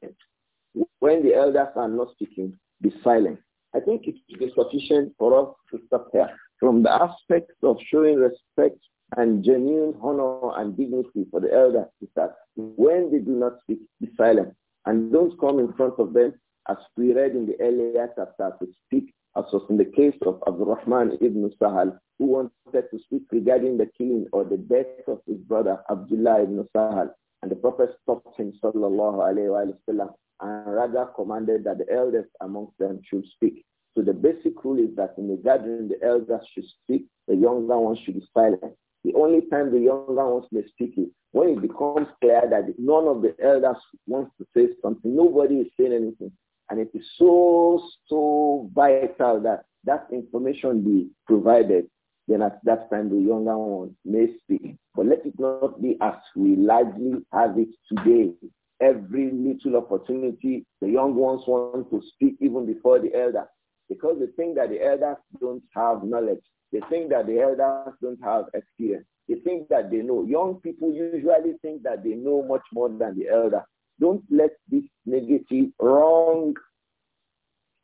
When the elders are not speaking, be silent. I think it is sufficient for us to stop here. From the aspects of showing respect and genuine honor and dignity for the elders is that when they do not speak, be silent. And don't come in front of them as we read in the earlier chapter to speak as was in the case of Abdurrahman ibn Sahal, who wanted to speak regarding the killing or the death of his brother Abdullah ibn Sahal. And the Prophet stopped him, sallallahu alayhi wa and rather commanded that the elders amongst them should speak. So the basic rule is that in the gathering, the elders should speak, the younger ones should be silent. The only time the younger ones may speak is when it becomes clear that none of the elders wants to say something. Nobody is saying anything. And it is so, so vital that that information be provided. Then at that time, the younger one may speak. But let it not be as we largely have it today. Every little opportunity, the young ones want to speak even before the elder. Because they think that the elders don't have knowledge. They think that the elders don't have experience. They think that they know. Young people usually think that they know much more than the elder. Don't let this negative, wrong,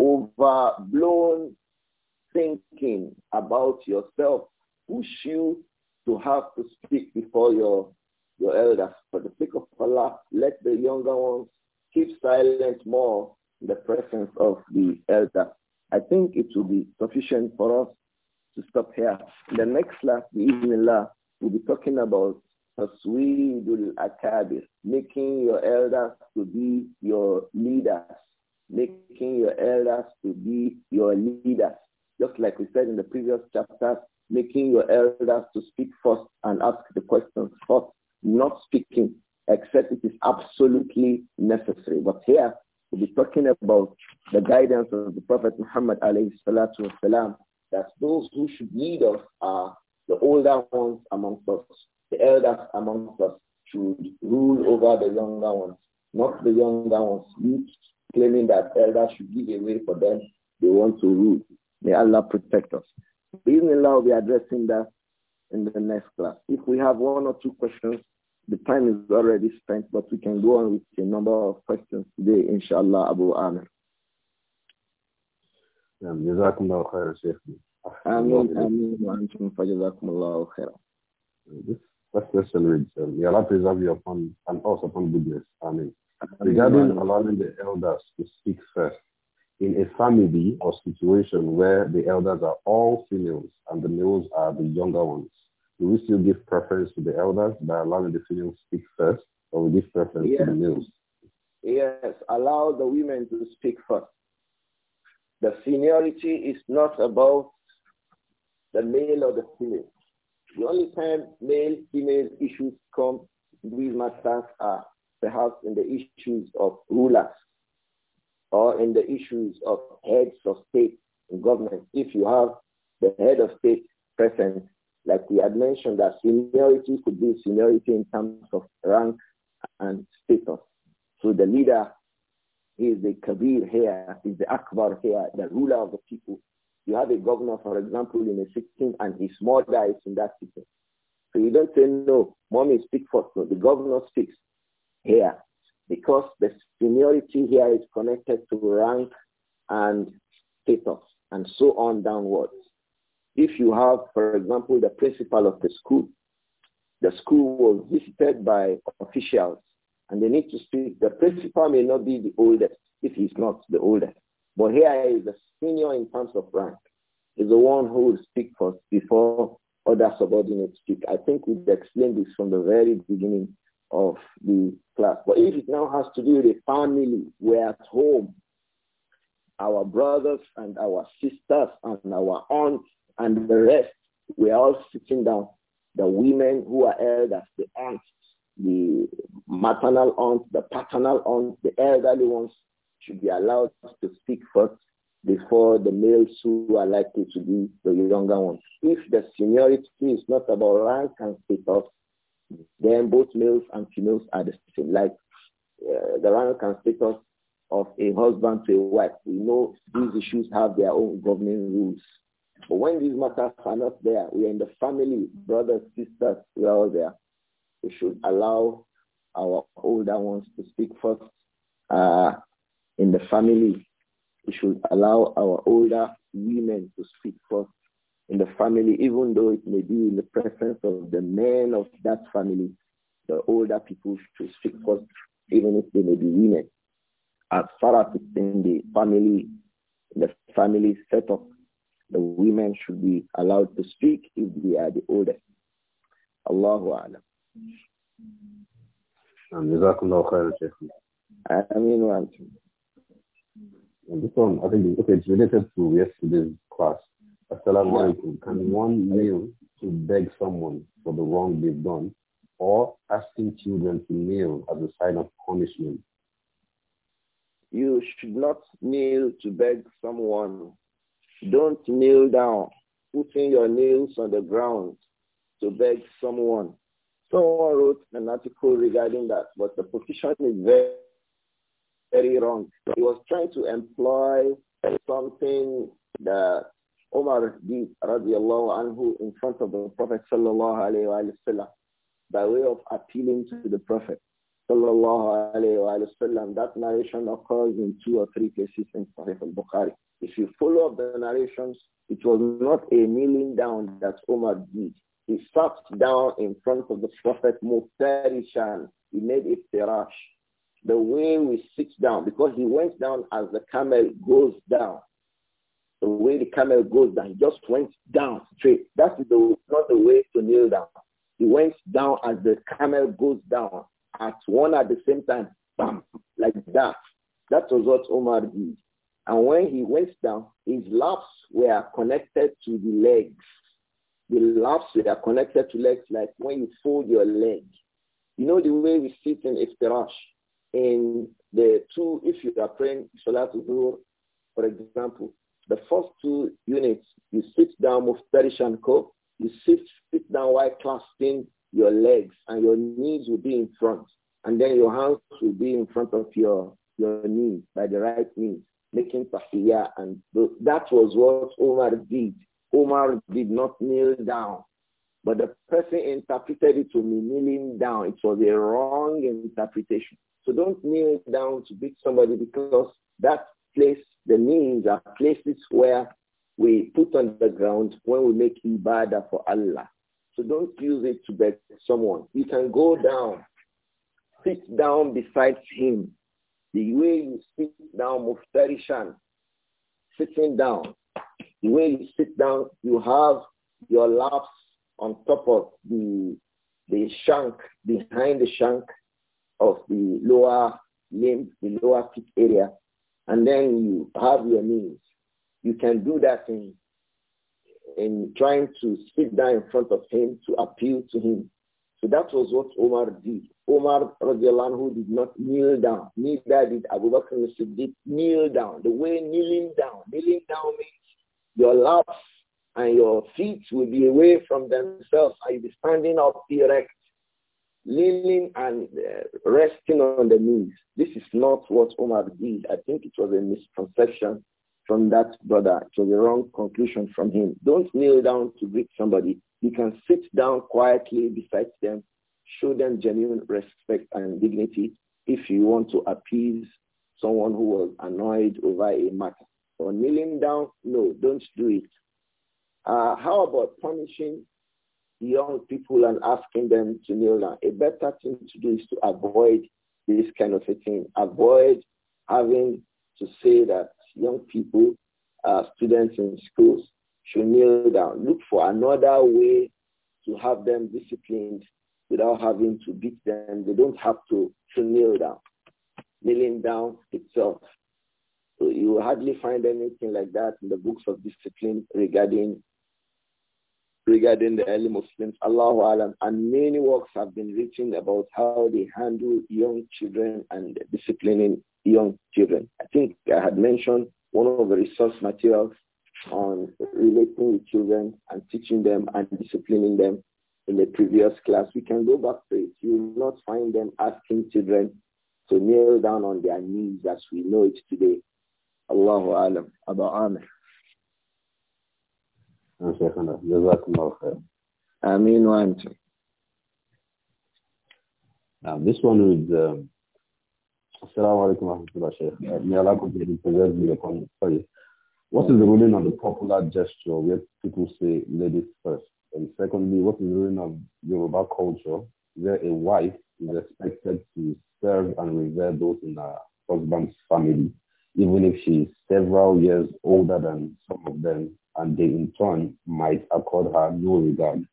overblown thinking about yourself push you to have to speak before your your elders. For the sake of Allah, let the younger ones keep silent more in the presence of the elder. I think it will be sufficient for us to stop here. The next class, the evening law, we'll be talking about the Akabir, making your elders to be your leaders, making your elders to be your leaders. Just like we said in the previous chapters, making your elders to speak first and ask the questions first, not speaking except it is absolutely necessary. But here we'll be talking about the guidance of the Prophet Muhammad alayhi salatu that those who should lead us are the older ones amongst us, the elders amongst us should rule over the younger ones, not the younger ones, youth, claiming that elders should give away for them. They want to rule. May Allah protect us. Bismillah, we'll be addressing that in the next class. If we have one or two questions, the time is already spent, but we can go on with a number of questions today, inshallah, Abu Amir. جزاكم الله Let's celebrate them. May Allah preserve you upon and us upon goodness. Amen. Regarding allowing the elders to speak first, in a family or situation where the elders are all females and the males are the younger ones, do we still give preference to the elders by allowing the females to speak first, or we give preference yes. to the males? Yes, allow the women to speak first. The seniority is not about the male or the female. The only time male-female issues come, these matters are perhaps in the issues of rulers or in the issues of heads of state and government. If you have the head of state present, like we had mentioned that seniority could be seniority in terms of rank and status. So the leader is the Kabir here, is the Akbar here, the ruler of the people. You have a governor, for example, in a sitting and his mother is in that sitting. So you don't say, no, mommy speak first. No, the governor speaks here because the seniority here is connected to rank and status and so on downwards. If you have, for example, the principal of the school, the school was visited by officials and they need to speak. The principal may not be the oldest if he's not the oldest. But here is the senior in terms of rank. Is the one who will speak first before other subordinates speak. I think we've explained this from the very beginning of the class. But if it now has to do with a family, we're at home, our brothers and our sisters and our aunts and the rest, we're all sitting down. The women who are elders, the aunts, the maternal aunts, the paternal aunts, the elderly ones, should be allowed to speak first before the males who are likely to be the younger ones. If the seniority is not about rank and status, then both males and females are the same. Like uh, the rank and status of a husband to a wife, we know these issues have their own governing rules. But when these matters are not there, we are in the family, brothers, sisters, we are all there. We should allow our older ones to speak first. Uh, in the family. We should allow our older women to speak first in the family, even though it may be in the presence of the men of that family. The older people should speak first, even if they may be women. As far as it's in the family, the family setup, the women should be allowed to speak if they are the oldest. Allahu Alam. جزاكم الله خيرا شيخنا. آمين وأنتم. And this one, I think, okay, it's related to yesterday's class. Assalamu alaikum. Can one kneel to beg someone for the wrong they've done or asking children to kneel as a sign of punishment? You should not kneel to beg someone. Don't kneel down, putting your nails on the ground to beg someone. Someone wrote an article regarding that, but the position is very very wrong. He was trying to employ something that Omar did, radiallahu anhu, in front of the Prophet sallallahu alayhi wasallam, by way of appealing to the Prophet sallallahu alayhi wasallam. That narration occurs in two or three cases in Sahih al-Bukhari. If you follow up the narrations, it was not a kneeling down that Omar did. He sat down in front of the Prophet Muftarishan. He made a firash the way we sit down, because he went down as the camel goes down. The way the camel goes down, he just went down straight. That is the, not the way to kneel down. He went down as the camel goes down at one at the same time, bam, like that. That was what Omar did. And when he went down, his laps were connected to the legs. The laps were connected to legs like when you fold your leg. You know the way we sit in iftirash in the two, if you are praying Salatul Zuhr, for example, the first two units, you sit down with Perish and Co. You sit, sit down while clasping your legs and your knees will be in front. And then your hands will be in front of your, your knees, by the right knees, making tahiyya. And that was what Omar did. Omar did not kneel down. But the person interpreted it to me kneeling down. It was a wrong interpretation. So don't kneel down to beat somebody because that place, the knees are places where we put on the ground when we make ibadah for Allah. So don't use it to beg someone. You can go down, sit down beside him. The way you sit down, muftarishan, sitting down. The way you sit down, you have your laps on top of the the shank, behind the shank of the lower limb, the lower peak area, and then you have your knees. You can do that in in trying to sit down in front of him to appeal to him. So that was what Omar did. Omar who did not kneel down. Neither did Abu Bakr Siddiq kneel down. The way kneeling down, kneeling down means your laps and your feet will be away from themselves and you'll be standing up erect, leaning and uh, resting on the knees. This is not what Omar did. I think it was a misconception from that brother. It was a wrong conclusion from him. Don't kneel down to greet somebody. You can sit down quietly beside them, show them genuine respect and dignity if you want to appease someone who was annoyed over a matter. Or kneeling down, no, don't do it. Uh, how about punishing young people and asking them to kneel down? A better thing to do is to avoid this kind of a thing. Avoid having to say that young people, uh, students in schools, should kneel down. Look for another way to have them disciplined without having to beat them. They don't have to, to kneel down. Kneeling down itself. So you hardly find anything like that in the books of discipline regarding regarding the early Muslims, Allahu Alam, and many works have been written about how they handle young children and disciplining young children. I think I had mentioned one of the resource materials on relating with children and teaching them and disciplining them in the previous class. We can go back to it. You will not find them asking children to kneel down on their knees as we know it today. Allahu Alam. Abu Amir. شيخنا جزاكم الله خير آمين Now this one is uh, Assalamu alaikum uh, What is the ruling on the popular gesture where people say ladies first? And secondly, what is the ruling of Yoruba culture where a wife is expected to serve and revere those in her husband's family, even if she is several years older than some of them and they in turn might accord her no regard.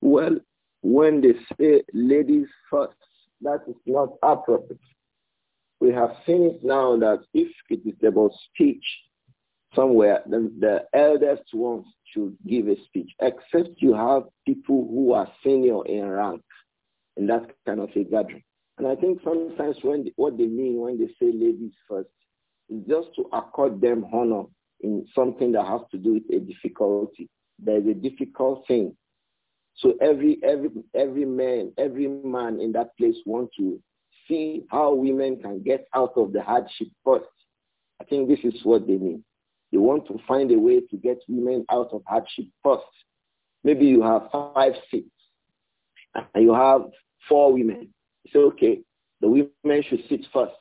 Well, when they say ladies first, that is not appropriate. We have seen it now that if it is about speech somewhere, then the eldest ones should give a speech, except you have people who are senior in rank in that kind of a gathering. And I think sometimes when what they mean when they say ladies first just to accord them honor in something that has to do with a difficulty. There is a difficult thing. So every every every man, every man in that place wants to see how women can get out of the hardship first. I think this is what they mean. They want to find a way to get women out of hardship first. Maybe you have five, six, and you have four women. You say, okay, the women should sit first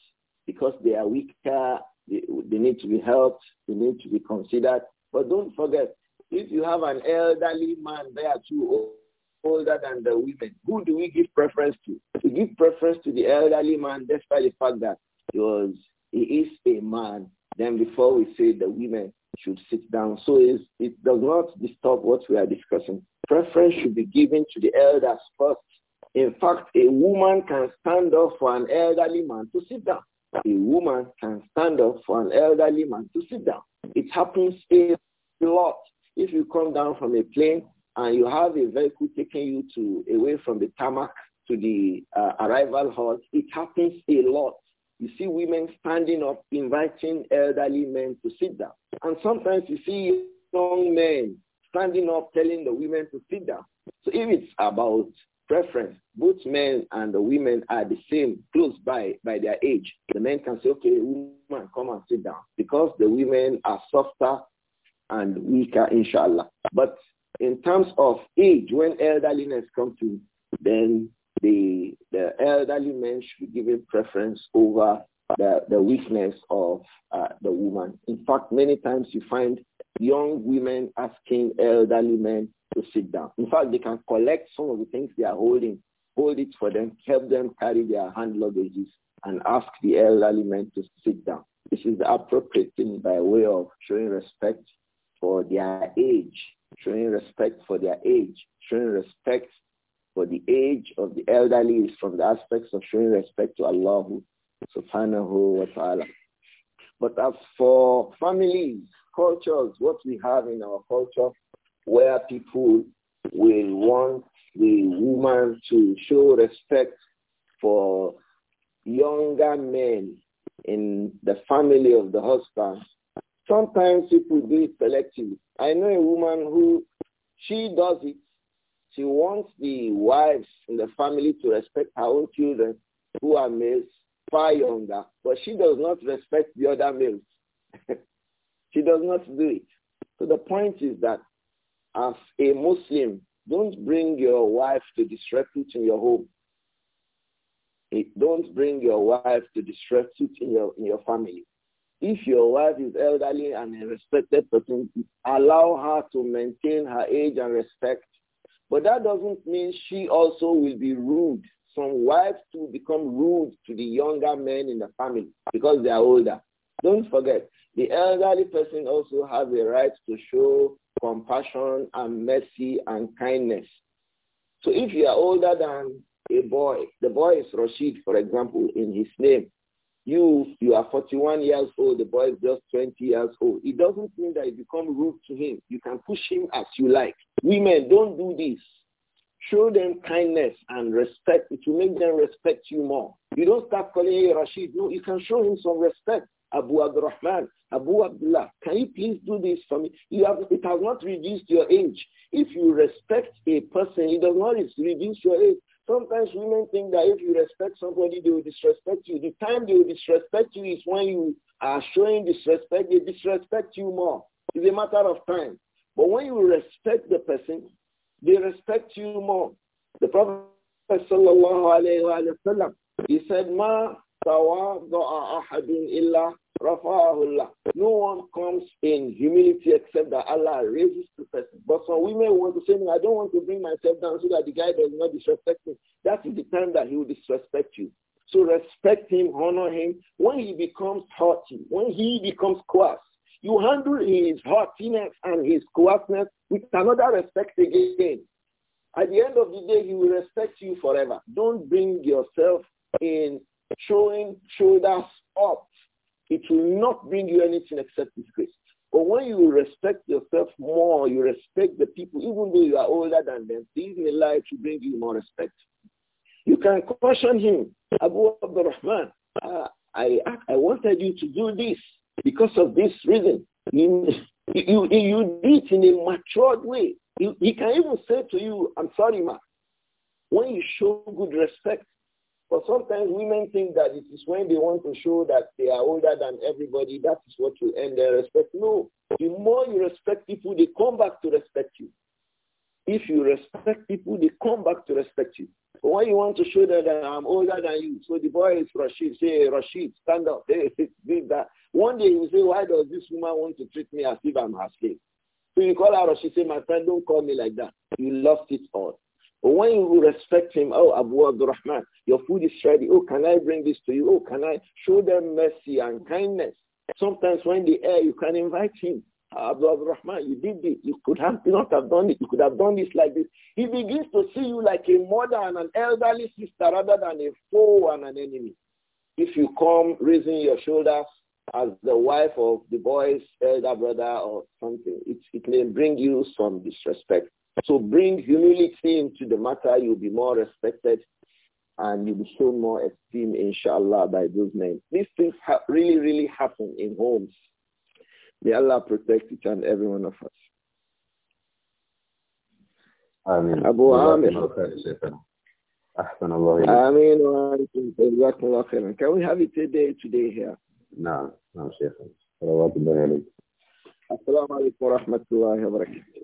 because they are weaker they, need to be helped. They need to be considered. But don't forget, if you have an elderly man there too, older than the women, who do we give preference to? We give preference to the elderly man despite the fact that he, was, he is a man. Then before we say the women should sit down. So it does not disturb what we are discussing. Preference should be given to the elders first. In fact, a woman can stand up for an elderly man to sit down a woman can stand up for an elderly man to sit down. It happens a lot. If you come down from a plane and you have a vehicle taking you to away from the tarmac to the uh, arrival hall, it happens a lot. You see women standing up, inviting elderly men to sit down. And sometimes you see young men standing up, telling the women to sit down. So if it's about preference. Both men and the women are the same, close by, by their age. The men can say, okay, woman, come and sit down. Because the women are softer and weaker, inshallah. But in terms of age, when elderliness comes to, then the, the elderly men should be given preference over the, the weakness of uh, the woman. In fact, many times you find young women asking elderly men to sit down. In fact, they can collect some of the things they are holding, hold it for them, help them carry their hand luggages, and ask the elderly men to sit down. This is the appropriate thing by way of showing respect for their age, showing respect for their age, showing respect for the age of the elderly is from the aspects of showing respect to Allah subhanahu wa ta'ala. But as for families, cultures, what we have in our culture where people will want the woman to show respect for younger men in the family of the husband. Sometimes people do it selectively. I know a woman who, she does it. She wants the wives in the family to respect her own children who are males far younger, but she does not respect the other males. she does not do it. So the point is that as a Muslim, don't bring your wife to disrepute in your home. Eh, don't bring your wife to disrepute in your, in your family. If your wife is elderly and a respected person, allow her to maintain her age and respect. But that doesn't mean she also will be rude. Some wives to become rude to the younger men in the family because they are older. Don't forget, the elderly person also has a right to show compassion and mercy and kindness. So if you are older than a boy, the boy is Rashid, for example, in his name. You, you are 41 years old, the boy is just 20 years old. It doesn't mean that you become rude to him. You can push him as you like. Women, don't do this. Show them kindness and respect. It will make them respect you more. You don't start calling him Rashid. No, you can show him some respect. Abu Abdurrahman, Abu Abdullah, can you please do this for me? You have, it has not reduced your age. If you respect a person, it does not reduce your age. Sometimes women think that if you respect somebody, they will disrespect you. The time they will disrespect you is when you are showing disrespect. They disrespect you more. It's a matter of time. But when you respect the person, they respect you more. The Prophet sallallahu alaihi wasallam, he said, "Ma no one comes in humility except that Allah raises the person. But some women want to say, no, I don't want to bring myself down so that the guy does not disrespect me. That is the time that he will disrespect you. So respect him, honor him. When he becomes haughty, when he becomes coarse, you handle his haughtiness and his coarseness with another respect again. At the end of the day, he will respect you forever. Don't bring yourself in showing shoulders up. It will not bring you anything except disgrace. But when you respect yourself more, you respect the people, even though you are older than them, these may life will bring you more respect. You can caution him, Abu Abdurrahman, uh, I, I wanted you to do this because of this reason. You, you, you did it in a matured way. he can even say to you, I'm sorry, ma. When you show good respect, but sometimes women think that it is when they want to show that they are older than everybody, that is what will end their respect. No, the more you respect people, they come back to respect you. If you respect people, they come back to respect you. But when you want to show that I'm older than you, so the boy is Rashid, say, hey, Rashid, stand up, hey, did that. One day you say, why does this woman want to treat me as if I'm her slave? So you call her Rashid, say, my friend, don't call me like that. You lost it all. But when you respect him, oh, Abu Abdurrahman, your food is ready. Oh, can I bring this to you? Oh, can I show them mercy and kindness? Sometimes when the air, you can invite him. Abu Abdurrahman, you did this. You could have not have done it. You could have done this like this. He begins to see you like a mother and an elderly sister rather than a foe and an enemy. If you come raising your shoulders as the wife of the boy's elder brother or something, it, it may bring you some disrespect. So bring humility into the matter. You'll be more respected and you'll be shown more esteem, inshallah, by those men. These things really, really happen in homes. May Allah protect each and every one of us. آمين. Abu عامر. أحسن الله إليك. آمين Can we have it today today here? No, no, sheik صلوات الله عليك. السلام عليكم ورحمة الله وبركاته.